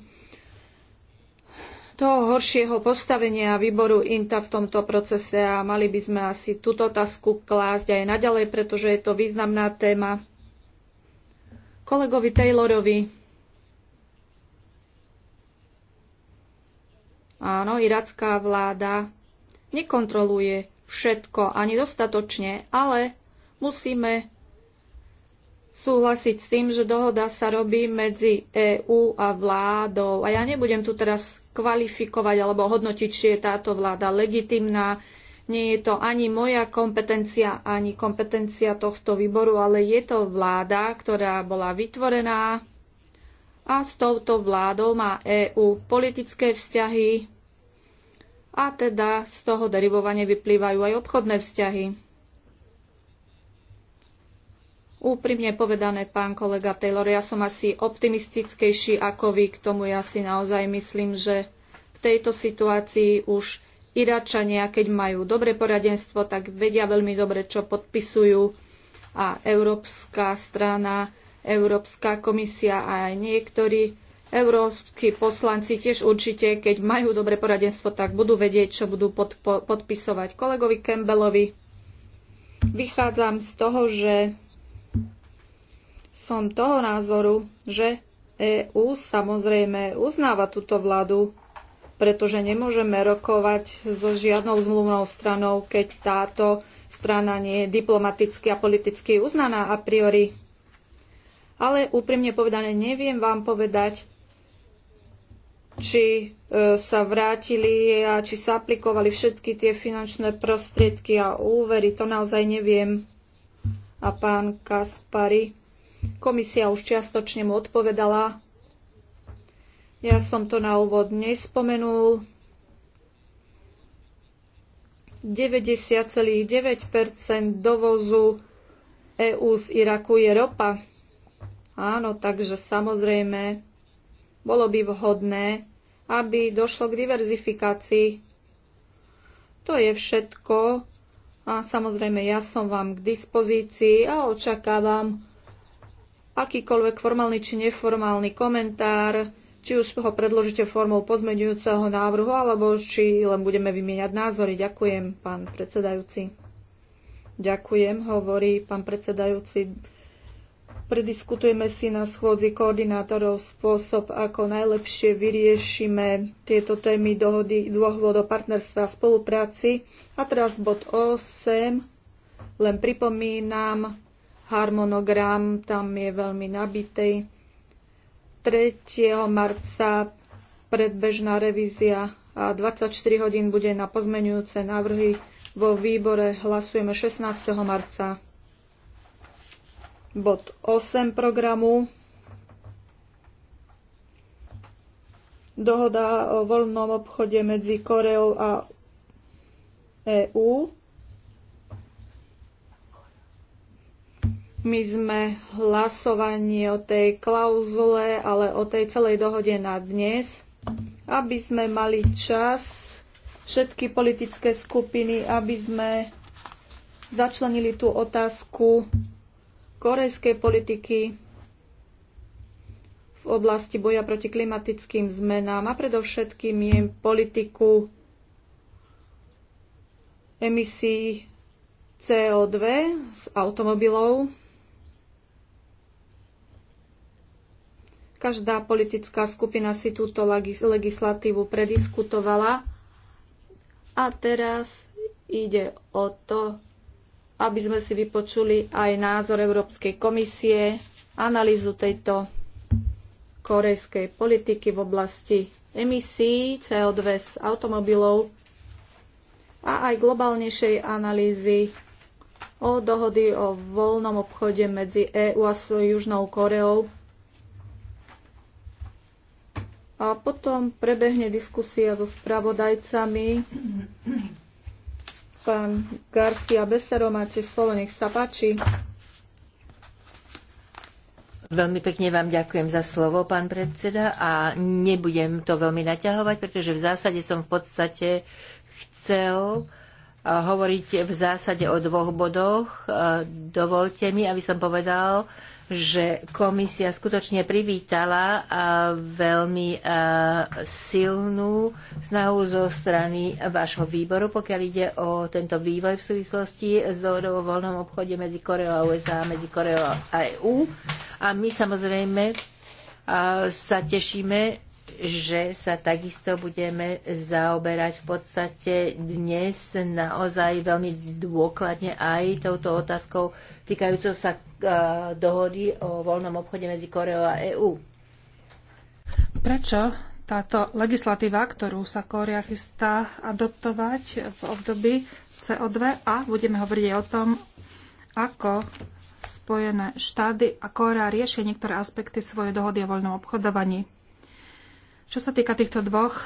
toho horšieho postavenia výboru INTA v tomto procese a mali by sme asi túto otázku klásť aj naďalej, pretože je to významná téma. Kolegovi Taylorovi. Áno, iracká vláda nekontroluje všetko ani dostatočne, ale musíme súhlasiť s tým, že dohoda sa robí medzi EÚ a vládou. A ja nebudem tu teraz kvalifikovať alebo hodnotiť, či je táto vláda legitimná. Nie je to ani moja kompetencia, ani kompetencia tohto výboru, ale je to vláda, ktorá bola vytvorená a s touto vládou má EÚ politické vzťahy a teda z toho derivovania vyplývajú aj obchodné vzťahy. Úprimne povedané, pán kolega Taylor, ja som asi optimistickejší ako vy. K tomu ja si naozaj myslím, že v tejto situácii už Iračania, keď majú dobre poradenstvo, tak vedia veľmi dobre, čo podpisujú. A Európska strana, Európska komisia a aj niektorí európsky poslanci tiež určite, keď majú dobré poradenstvo, tak budú vedieť, čo budú podpisovať kolegovi Campbellovi. Vychádzam z toho, že som toho názoru, že EÚ samozrejme uznáva túto vládu, pretože nemôžeme rokovať so žiadnou zmluvnou stranou, keď táto strana nie je diplomaticky a politicky uznaná a priori. Ale úprimne povedané, neviem vám povedať, či e, sa vrátili a či sa aplikovali všetky tie finančné prostriedky a úvery. To naozaj neviem. A pán Kaspari, Komisia už čiastočne mu odpovedala. Ja som to na úvod nespomenul. 90,9 dovozu EÚ z Iraku je ropa. Áno, takže samozrejme bolo by vhodné, aby došlo k diverzifikácii. To je všetko. A samozrejme, ja som vám k dispozícii a očakávam akýkoľvek formálny či neformálny komentár, či už ho predložíte formou pozmeňujúceho návrhu, alebo či len budeme vymieňať názory. Ďakujem, pán predsedajúci. Ďakujem, hovorí pán predsedajúci. Prediskutujeme si na schôdzi koordinátorov spôsob, ako najlepšie vyriešime tieto témy dohody dôvod o partnerstve a spolupráci. A teraz bod 8. Len pripomínam, Harmonogram tam je veľmi nabitý. 3. marca predbežná revízia a 24 hodín bude na pozmenujúce návrhy. Vo výbore hlasujeme 16. marca. Bod 8 programu. Dohoda o voľnom obchode medzi Koreou a EÚ. My sme hlasovanie o tej klauzule, ale o tej celej dohode na dnes, aby sme mali čas všetky politické skupiny, aby sme začlenili tú otázku korejskej politiky v oblasti boja proti klimatickým zmenám a predovšetkým je politiku emisí CO2 z automobilov. Každá politická skupina si túto legislatívu prediskutovala a teraz ide o to, aby sme si vypočuli aj názor Európskej komisie, analýzu tejto korejskej politiky v oblasti emisí CO2 z automobilov a aj globálnejšej analýzy o dohody o voľnom obchode medzi EÚ a Južnou Koreou a potom prebehne diskusia so spravodajcami. Pán Garcia Besero, máte slovo, nech sa páči. Veľmi pekne vám ďakujem za slovo, pán predseda, a nebudem to veľmi naťahovať, pretože v zásade som v podstate chcel hovoriť v zásade o dvoch bodoch. Dovolte mi, aby som povedal, že komisia skutočne privítala veľmi e, silnú snahu zo strany vášho výboru, pokiaľ ide o tento vývoj v súvislosti s dohodou o voľnom obchode medzi Koreou a USA, a medzi Koreou a EÚ. A my samozrejme e, sa tešíme, že sa takisto budeme zaoberať v podstate dnes naozaj veľmi dôkladne aj touto otázkou týkajúcou sa E, dohody o voľnom obchode medzi Koreou a EÚ. Prečo táto legislatíva, ktorú sa Korea chystá adoptovať v období CO2 a budeme hovoriť aj o tom, ako Spojené štáty a Korea riešia niektoré aspekty svojej dohody o voľnom obchodovaní. Čo sa týka týchto dvoch e,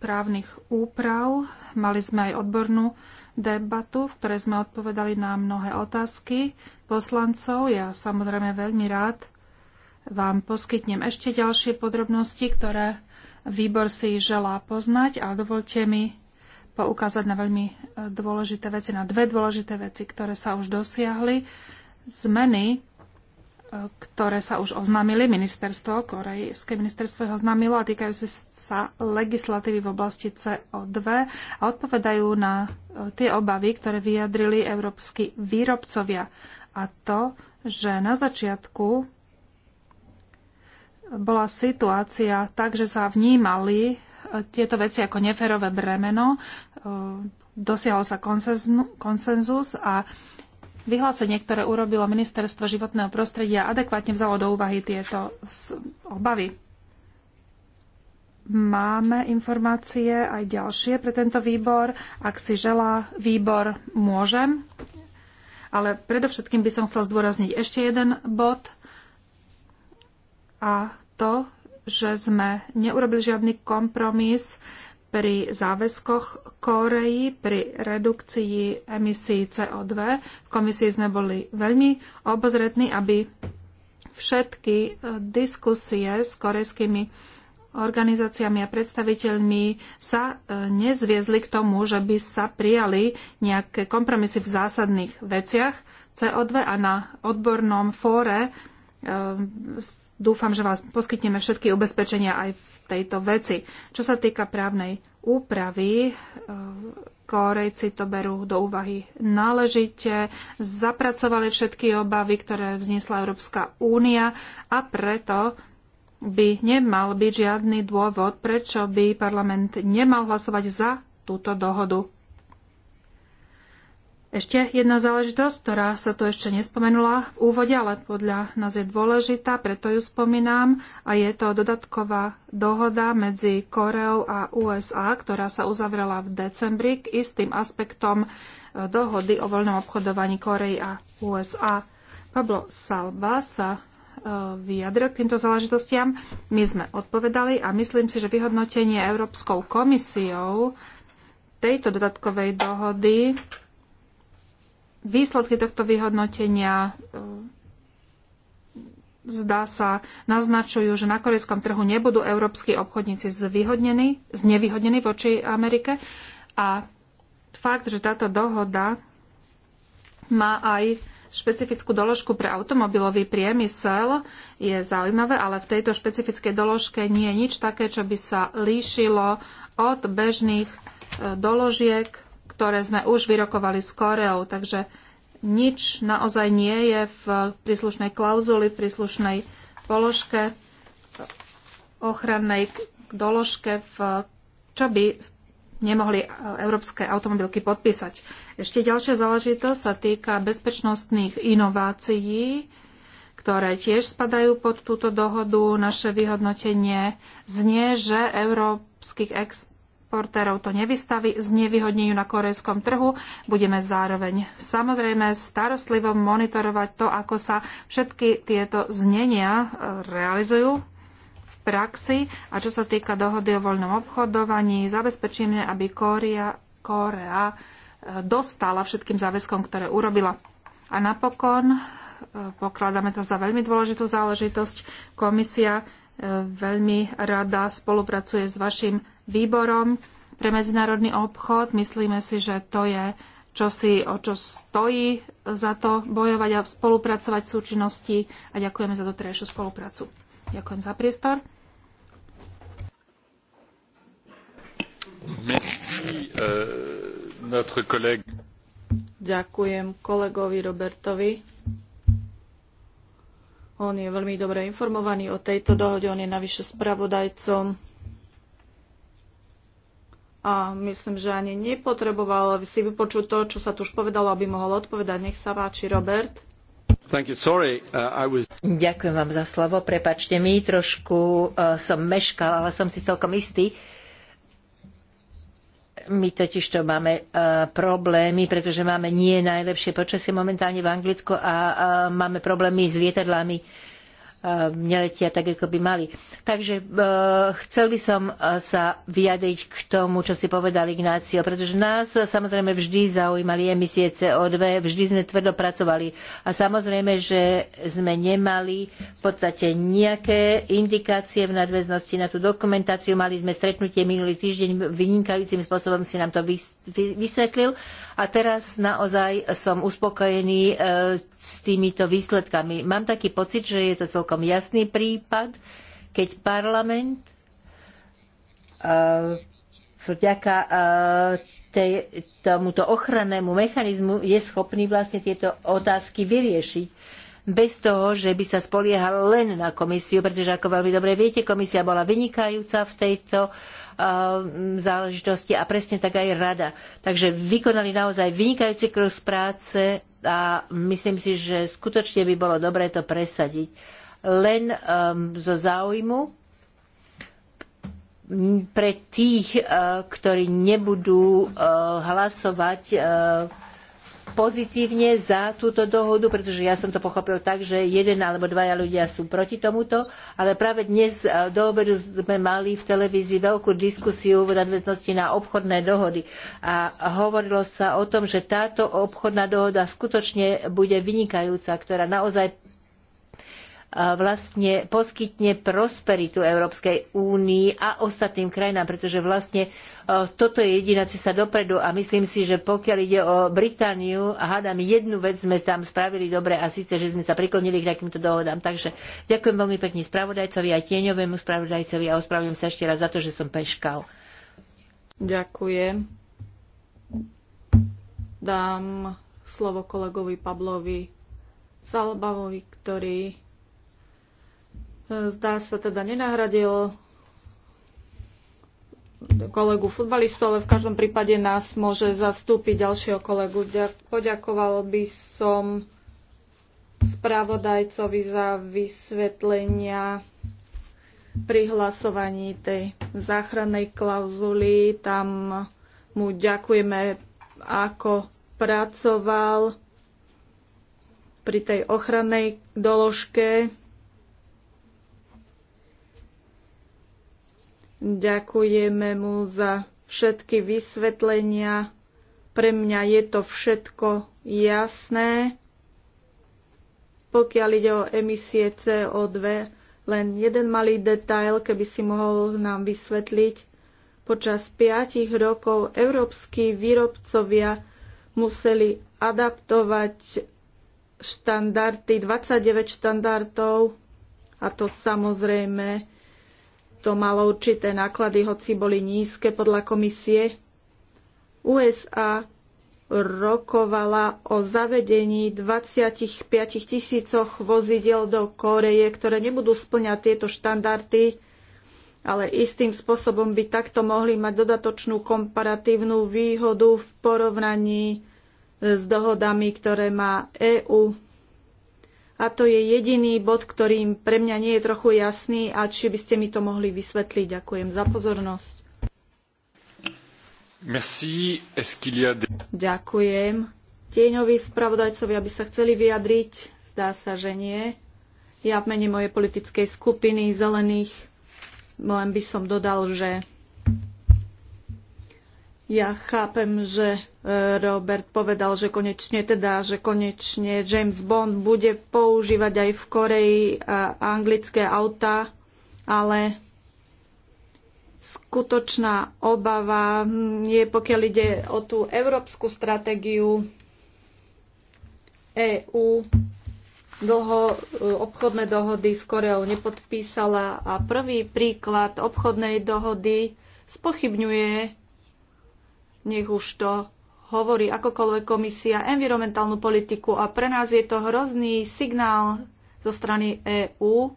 právnych úprav, mali sme aj odbornú debatu, v ktorej sme odpovedali na mnohé otázky poslancov. Ja samozrejme veľmi rád vám poskytnem ešte ďalšie podrobnosti, ktoré výbor si želá poznať, ale dovolte mi poukázať na veľmi e, dôležité veci, na dve dôležité veci, ktoré sa už dosiahli. Zmeny ktoré sa už oznámili, ministerstvo, korejské ministerstvo ich oznámilo a týkajú sa legislatívy v oblasti CO2 a odpovedajú na e, tie obavy, ktoré vyjadrili európsky výrobcovia. A to, že na začiatku bola situácia tak, že sa vnímali e, tieto veci ako neferové bremeno, e, dosiahol sa konsenzus a vyhlásenie, ktoré urobilo Ministerstvo životného prostredia, adekvátne vzalo do úvahy tieto obavy. Máme informácie aj ďalšie pre tento výbor. Ak si želá výbor, môžem. Ale predovšetkým by som chcel zdôrazniť ešte jeden bod a to, že sme neurobili žiadny kompromis pri záväzkoch Kóreji, pri redukcii emisí CO2. V komisii sme boli veľmi obozretní, aby všetky e, diskusie s korejskými organizáciami a predstaviteľmi sa e, nezviezli k tomu, že by sa prijali nejaké kompromisy v zásadných veciach CO2 a na odbornom fóre e, Dúfam, že vás poskytneme všetky ubezpečenia aj v tejto veci. Čo sa týka právnej úpravy, e, Korejci to berú do úvahy náležite, zapracovali všetky obavy, ktoré vznesla Európska únia a preto by nemal byť žiadny dôvod, prečo by parlament nemal hlasovať za túto dohodu. Ešte jedna záležitosť, ktorá sa tu ešte nespomenula v úvode, ale podľa nás je dôležitá, preto ju spomínam, a je to dodatková dohoda medzi Koreou a USA, ktorá sa uzavrela v decembri k istým aspektom e, dohody o voľnom obchodovaní Korei a USA. Pablo Salba sa e, vyjadril k týmto záležitostiam. My sme odpovedali a myslím si, že vyhodnotenie Európskou komisiou tejto dodatkovej dohody Výsledky tohto vyhodnotenia e, zdá sa, naznačujú, že na korejskom trhu nebudú európsky obchodníci zvýhodnení, znevýhodnení voči Amerike. A fakt, že táto dohoda má aj špecifickú doložku pre automobilový priemysel, je zaujímavé, ale v tejto špecifickej doložke nie je nič také, čo by sa líšilo od bežných e, doložiek ktoré sme už vyrokovali s Koreou, takže nič naozaj nie je v príslušnej klauzuli, v príslušnej položke ochrannej doložke, v, čo by nemohli európske automobilky podpísať. Ešte ďalšia záležitosť sa týka bezpečnostných inovácií, ktoré tiež spadajú pod túto dohodu. Naše vyhodnotenie znie, že európskych exp- exportérov to nevystaví, znevýhodňujú na korejskom trhu. Budeme zároveň samozrejme starostlivo monitorovať to, ako sa všetky tieto znenia e, realizujú v praxi. A čo sa týka dohody o voľnom obchodovaní, zabezpečíme, aby Kória, Kórea e, dostala všetkým záväzkom, ktoré urobila. A napokon e, pokladáme to za veľmi dôležitú záležitosť. Komisia veľmi rada spolupracuje s vašim výborom pre medzinárodný obchod. Myslíme si, že to je čosi, o čo stojí za to bojovať a spolupracovať v súčinnosti a ďakujeme za doterajšiu spoluprácu. Ďakujem za priestor. Merci, uh, notre collègue. Ďakujem kolegovi Robertovi. On je veľmi dobre informovaný o tejto dohode, on je navyše spravodajcom a myslím, že ani nepotreboval si vypočuť to, čo sa tu už povedalo, aby mohol odpovedať. Nech sa páči, Robert. Sorry, uh, was... Ďakujem vám za slovo. Prepačte mi, trošku uh, som meškal, ale som si celkom istý, my totiž to máme e, problémy, pretože máme nie najlepšie počasie momentálne v Anglicku a e, máme problémy s lietadlami Eh, neletia tak, ako by mali. Takže eh, chcel by som eh, sa vyjadriť k tomu, čo si povedal Ignácio, pretože nás samozrejme vždy zaujímali emisie CO2, vždy sme tvrdo pracovali a samozrejme, že sme nemali v podstate nejaké indikácie v nadväznosti na tú dokumentáciu. Mali sme stretnutie minulý týždeň, vynikajúcim spôsobom si nám to vysvetlil a teraz naozaj som uspokojený s týmito výsledkami. Mám taký pocit, že je to celkom celkom jasný prípad, keď parlament eh, vďaka eh, tej, tomuto ochrannému mechanizmu je schopný vlastne tieto otázky vyriešiť bez toho, že by sa spoliehal len na komisiu, pretože ako veľmi dobre viete, komisia bola vynikajúca v tejto uh, záležitosti a presne tak aj rada. Takže vykonali naozaj vynikajúci kus práce a myslím si, že skutočne by bolo dobré to presadiť len um, zo záujmu pre tých, uh, ktorí nebudú uh, hlasovať uh, pozitívne za túto dohodu, pretože ja som to pochopil tak, že jeden alebo dvaja ľudia sú proti tomuto, ale práve dnes do obedu sme mali v televízii veľkú diskusiu v nadväznosti na obchodné dohody a hovorilo sa o tom, že táto obchodná dohoda skutočne bude vynikajúca, ktorá naozaj vlastne poskytne prosperitu Európskej únii a ostatným krajinám, pretože vlastne e, toto je jediná cesta dopredu a myslím si, že pokiaľ ide o Britániu, a hádam jednu vec sme tam spravili dobre a síce, že sme sa priklonili k takýmto dohodám. Takže ďakujem veľmi pekne spravodajcovi a tieňovému spravodajcovi a ospravedlňujem sa ešte raz za to, že som peškal. Ďakujem. Dám slovo kolegovi Pablovi Salbavovi, ktorý zdá sa teda nenahradil kolegu futbalistu, ale v každom prípade nás môže zastúpiť ďalšieho kolegu. Poďakoval by som spravodajcovi za vysvetlenia pri hlasovaní tej záchrannej klauzuly. Tam mu ďakujeme, ako pracoval pri tej ochrannej doložke Ďakujeme mu za všetky vysvetlenia. Pre mňa je to všetko jasné. Pokiaľ ide o emisie CO2, len jeden malý detail, keby si mohol nám vysvetliť. Počas piatich rokov európsky výrobcovia museli adaptovať štandardy, 29 štandardov a to samozrejme to malo určité náklady, hoci boli nízke podľa komisie. USA rokovala o zavedení 25 tisícoch vozidel do Koreje, ktoré nebudú splňať tieto štandardy, ale istým spôsobom by takto mohli mať dodatočnú komparatívnu výhodu v porovnaní s dohodami, ktoré má EÚ. A to je jediný bod, ktorý pre mňa nie je trochu jasný a či by ste mi to mohli vysvetliť. Ďakujem za pozornosť. Merci. A... Ďakujem. Tieňoví spravodajcovia by sa chceli vyjadriť. Zdá sa, že nie. Ja v mene mojej politickej skupiny zelených len by som dodal, že ja chápem, že Robert povedal, že konečne teda, že konečne James Bond bude používať aj v Koreji anglické auta, ale skutočná obava hm, je, pokiaľ ide o tú európsku stratégiu EÚ. Dlho e, obchodné dohody s Koreou nepodpísala a prvý príklad obchodnej dohody spochybňuje, nech už to hovorí akokoľvek komisia environmentálnu politiku a pre nás je to hrozný signál zo strany EÚ.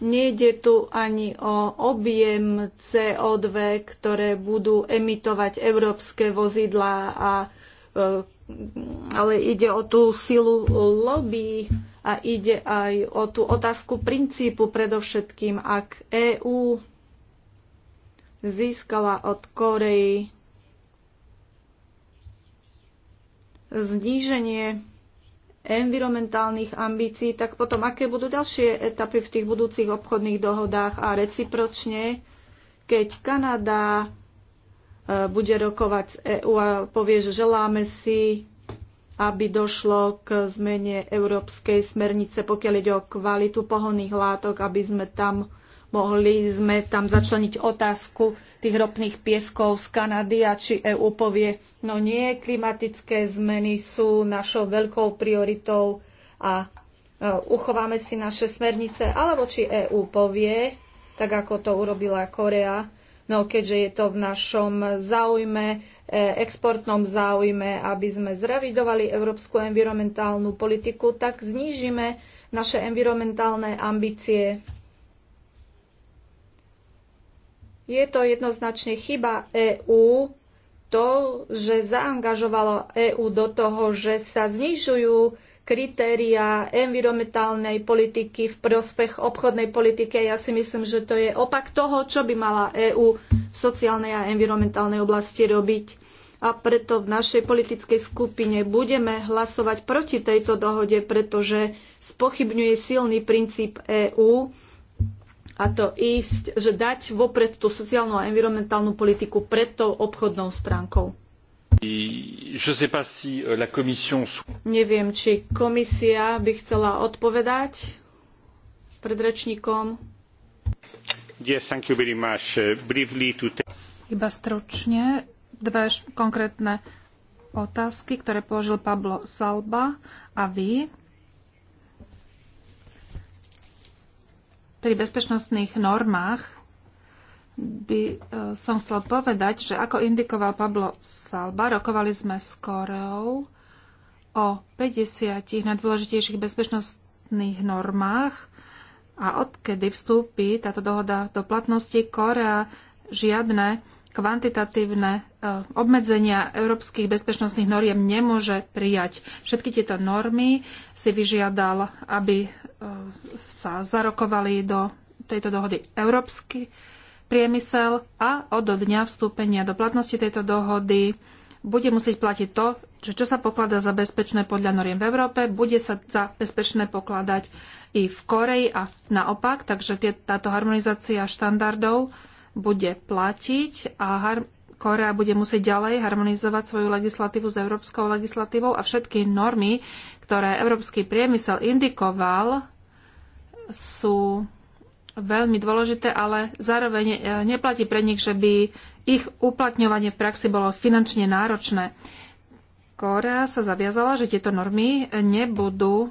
Nejde tu ani o objem CO2, ktoré budú emitovať európske vozidlá, a, e, ale ide o tú silu lobby a ide aj o tú otázku princípu predovšetkým, ak EÚ získala od Koreji zníženie environmentálnych ambícií, tak potom aké budú ďalšie etapy v tých budúcich obchodných dohodách a recipročne, keď Kanada e, bude rokovať z EÚ a povie, že želáme si, aby došlo k zmene európskej smernice, pokiaľ ide o kvalitu pohonných látok, aby sme tam Mohli sme tam začleniť otázku tých ropných pieskov z Kanady a či EU povie, no nie, klimatické zmeny sú našou veľkou prioritou a e, uchováme si naše smernice, alebo či EU povie, tak ako to urobila Korea, no keďže je to v našom záujme, e, exportnom záujme, aby sme zrevidovali európsku environmentálnu politiku, tak znížime naše environmentálne ambície. Je to jednoznačne chyba EÚ, to, že zaangažovalo EÚ do toho, že sa znižujú kritéria environmentálnej politiky v prospech obchodnej politiky. Ja si myslím, že to je opak toho, čo by mala EÚ v sociálnej a environmentálnej oblasti robiť. A preto v našej politickej skupine budeme hlasovať proti tejto dohode, pretože spochybňuje silný princíp EÚ a to ísť, že dať vopred tú sociálnu a environmentálnu politiku pred tou obchodnou stránkou. Euh, Neviem, či komisia by chcela odpovedať pred rečníkom. Yes, uh, Iba stručne dve konkrétne otázky, ktoré položil Pablo Salba a vy. pri bezpečnostných normách by e, som chcel povedať, že ako indikoval Pablo Salba, rokovali sme s Koreou o 50 najdôležitejších bezpečnostných normách a odkedy vstúpi táto dohoda do platnosti, Korea žiadne kvantitatívne e, obmedzenia európskych bezpečnostných noriem nemôže prijať. Všetky tieto normy si vyžiadal, aby e, sa zarokovali do tejto dohody európsky priemysel a od dňa vstúpenia do platnosti tejto dohody bude musieť platiť to, že čo sa pokladá za bezpečné podľa noriem v Európe, bude sa za bezpečné pokladať i v Koreji a naopak, takže táto harmonizácia štandardov bude platiť a Korea bude musieť ďalej harmonizovať svoju legislatívu s európskou legislatívou a všetky normy, ktoré európsky priemysel indikoval, sú veľmi dôležité, ale zároveň e, neplatí pre nich, že by ich uplatňovanie v praxi bolo finančne náročné. Korea sa zaviazala, že tieto normy nebudú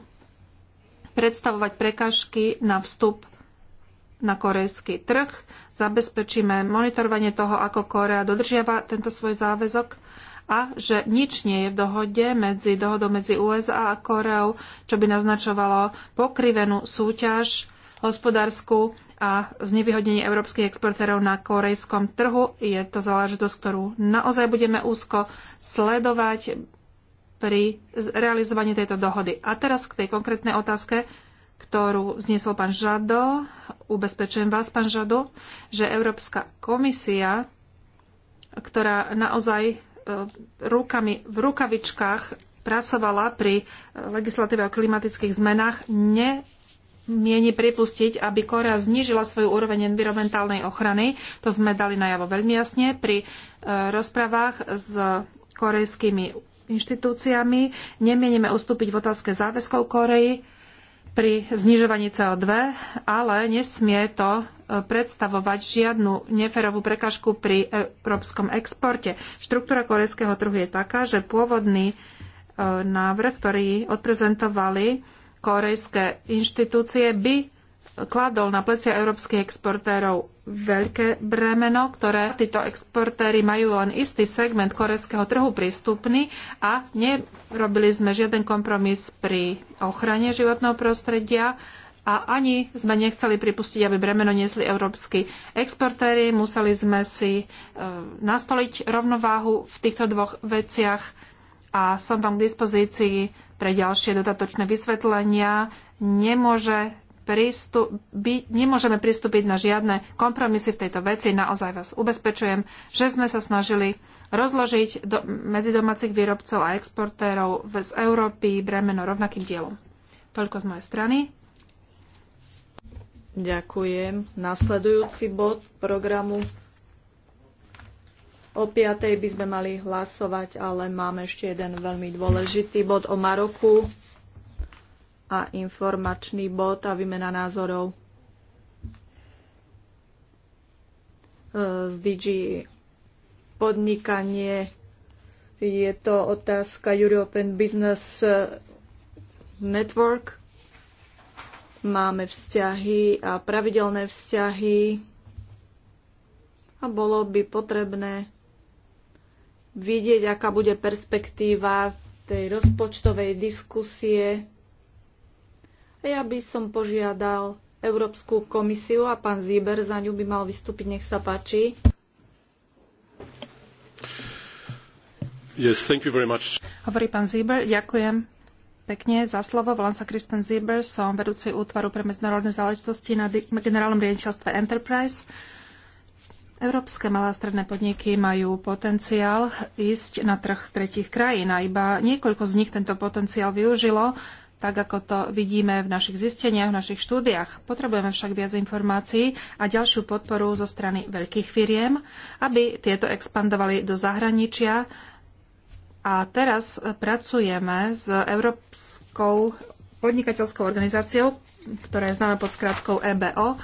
predstavovať prekažky na vstup na korejský trh, zabezpečíme monitorovanie toho, ako Korea dodržiava tento svoj záväzok a že nič nie je v dohode medzi dohodou medzi USA a Koreou, čo by naznačovalo pokrivenú súťaž hospodárskú a znevýhodnenie európskych exportérov na korejskom trhu. Je to záležitosť, ktorú naozaj budeme úzko sledovať pri realizovaní tejto dohody. A teraz k tej konkrétnej otázke, ktorú vznesol pán Žado. Ubezpečujem vás, pán Žado, že Európska komisia, ktorá naozaj e, rukami v rukavičkách pracovala pri e, legislatíve o klimatických zmenách, mieni pripustiť, aby Korea znížila svoju úroveň environmentálnej ochrany. To sme dali najavo veľmi jasne pri e, rozprávach s korejskými inštitúciami. Nemienime ustúpiť v otázke záväzkov Koreji pri znižovaní CO2, ale nesmie to e, predstavovať žiadnu neferovú prekažku pri európskom exporte. Štruktúra korejského trhu je taká, že pôvodný e, návrh, ktorý odprezentovali korejské inštitúcie, by kladol na plecia európskych exportérov veľké bremeno, ktoré títo exportéry majú len istý segment korejského trhu prístupný a nerobili sme žiaden kompromis pri ochrane životného prostredia a ani sme nechceli pripustiť, aby bremeno niesli európsky exportéry. Museli sme si e, nastoliť rovnováhu v týchto dvoch veciach a som vám k dispozícii pre ďalšie dodatočné vysvetlenia. Nemôže nemôžeme pristúpiť na žiadne kompromisy v tejto veci. Naozaj vás ubezpečujem, že sme sa snažili rozložiť do, medzi domácich výrobcov a exportérov z Európy bremeno rovnakým dielom. Toľko z mojej strany. Ďakujem. Nasledujúci bod programu. O piatej by sme mali hlasovať, ale máme ešte jeden veľmi dôležitý bod o Maroku a informačný bod a výmena názorov e, z DG podnikanie. Je to otázka European Business e, Network. Máme vzťahy a pravidelné vzťahy a bolo by potrebné vidieť, aká bude perspektíva tej rozpočtovej diskusie ja by som požiadal Európsku komisiu a pán Zíber za ňu by mal vystúpiť. Nech sa páči. Yes, thank you very much. Hovorí pán Zíber, ďakujem pekne za slovo. Volám sa Kristen Zíber, som vedúci útvaru pre medzinárodné záležitosti na generálnom riaditeľstve Enterprise. Európske malé a stredné podniky majú potenciál ísť na trh tretich krajín a iba niekoľko z nich tento potenciál využilo tak ako to vidíme v našich zisteniach, v našich štúdiách. Potrebujeme však viac informácií a ďalšiu podporu zo strany veľkých firiem, aby tieto expandovali do zahraničia. A teraz pracujeme s Európskou podnikateľskou organizáciou, ktorá je známa pod skratkou EBO,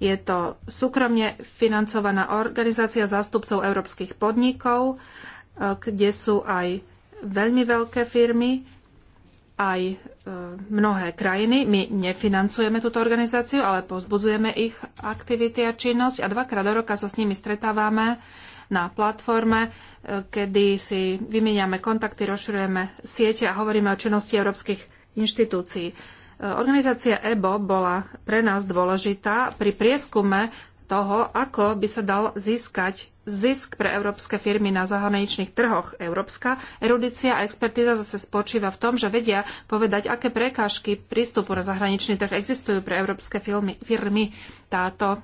je to súkromne financovaná organizácia zástupcov európskych podnikov, eh, kde sú aj veľmi veľké firmy, aj e, mnohé krajiny. My nefinancujeme túto organizáciu, ale pozbudzujeme ich aktivity a činnosť a dvakrát do roka sa s nimi stretávame na platforme, e, kedy si vymieňame kontakty, rozširujeme siete a hovoríme o činnosti európskych inštitúcií. E, organizácia EBO bola pre nás dôležitá pri prieskume toho, ako by sa dal získať zisk pre európske firmy na zahraničných trhoch. Európska erudícia a expertíza zase spočíva v tom, že vedia povedať, aké prekážky prístupu na zahraničný trh existujú pre európske firmy. Táto e,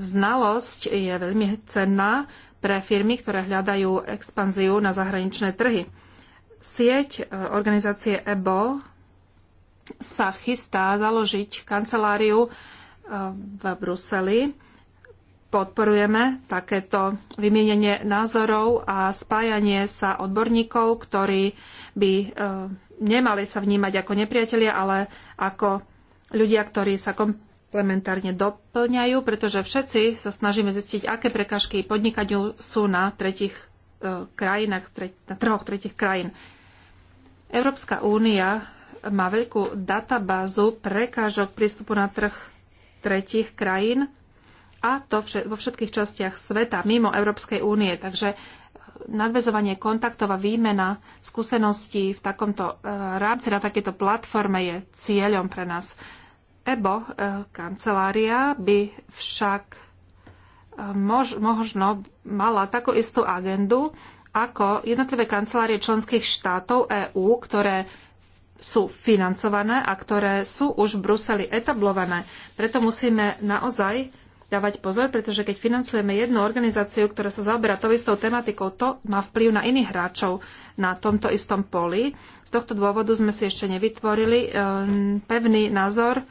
znalosť je veľmi cenná pre firmy, ktoré hľadajú expanziu na zahraničné trhy. Sieť e, organizácie EBO sa chystá založiť kanceláriu e, v Bruseli podporujeme takéto vymienenie názorov a spájanie sa odborníkov, ktorí by e, nemali sa vnímať ako nepriatelia, ale ako ľudia, ktorí sa komplementárne doplňajú, pretože všetci sa snažíme zistiť, aké prekažky podnikaniu sú na tretich e, krajinách, na trhoch tretich krajín. Európska únia má veľkú databázu prekážok prístupu na trh tretich krajín a to vo všetkých častiach sveta mimo Európskej únie. Takže e, nadvezovanie kontaktov a výmena skúseností v takomto e, rámci na takéto platforme je cieľom pre nás. EBO, e, kancelária, by však mož, možno mala takú istú agendu ako jednotlivé kancelárie členských štátov EÚ, ktoré sú financované a ktoré sú už v Bruseli etablované. Preto musíme naozaj dávať pozor, pretože keď financujeme jednu organizáciu, ktorá sa zaoberá tou istou tematikou, to má vplyv na iných hráčov na tomto istom poli. Z tohto dôvodu sme si ešte nevytvorili eh, pevný názor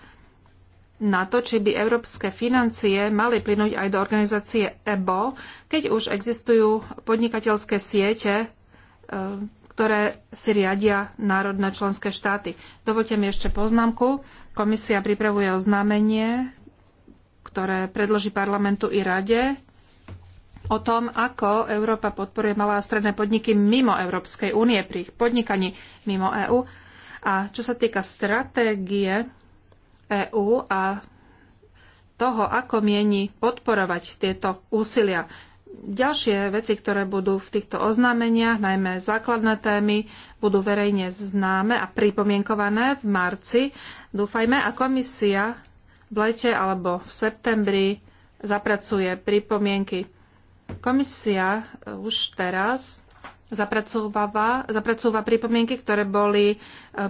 na to, či by európske financie mali plynúť aj do organizácie EBO, keď už existujú podnikateľské siete, eh, ktoré si riadia národné členské štáty. Dovolte mi ešte poznámku. Komisia pripravuje oznámenie ktoré predloží parlamentu i rade o tom, ako Európa podporuje malé a stredné podniky mimo Európskej únie pri ich podnikaní mimo EÚ. A čo sa týka stratégie EÚ a toho, ako mieni podporovať tieto úsilia. Ďalšie veci, ktoré budú v týchto oznámeniach, najmä základné témy, budú verejne známe a pripomienkované v marci. Dúfajme, a komisia v lete alebo v septembri zapracuje pripomienky. Komisia e, už teraz zapracováva, zapracúva pripomienky, ktoré boli e,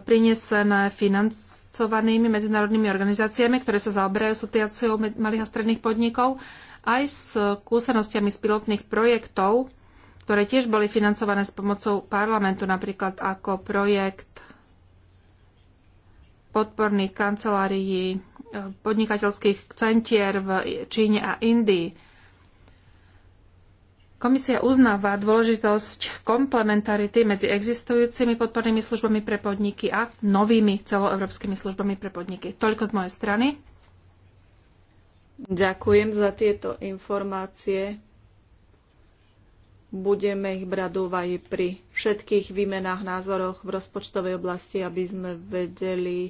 prinesené financovanými medzinárodnými organizáciami, ktoré sa zaoberajú asociáciou malých a stredných podnikov, aj s skúsenostiami z pilotných projektov, ktoré tiež boli financované s pomocou parlamentu, napríklad ako projekt podporných kancelárií podnikateľských centier v Číne a Indii. Komisia uznáva dôležitosť komplementarity medzi existujúcimi podpornými službami pre podniky a novými celoeurópskymi službami pre podniky. Toľko z mojej strany. Ďakujem za tieto informácie. Budeme ich brať do úvahy pri všetkých výmenách názoroch v rozpočtovej oblasti, aby sme vedeli,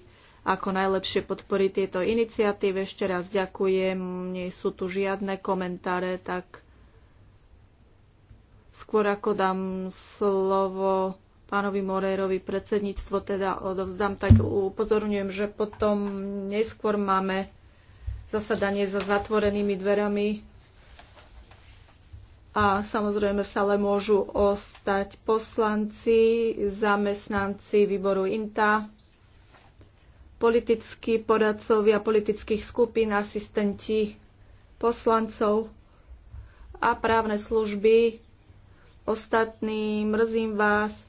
ako najlepšie podporiť tieto iniciatívy. Ešte raz ďakujem, nie sú tu žiadne komentáre, tak skôr ako dám slovo pánovi Morérovi predsedníctvo, teda odovzdám, tak upozorňujem, že potom neskôr máme zasadanie za zatvorenými dverami a samozrejme sa ale môžu ostať poslanci, zamestnanci výboru INTA politickí poradcovia politických skupín, asistenti poslancov a právne služby. Ostatní, mrzím vás,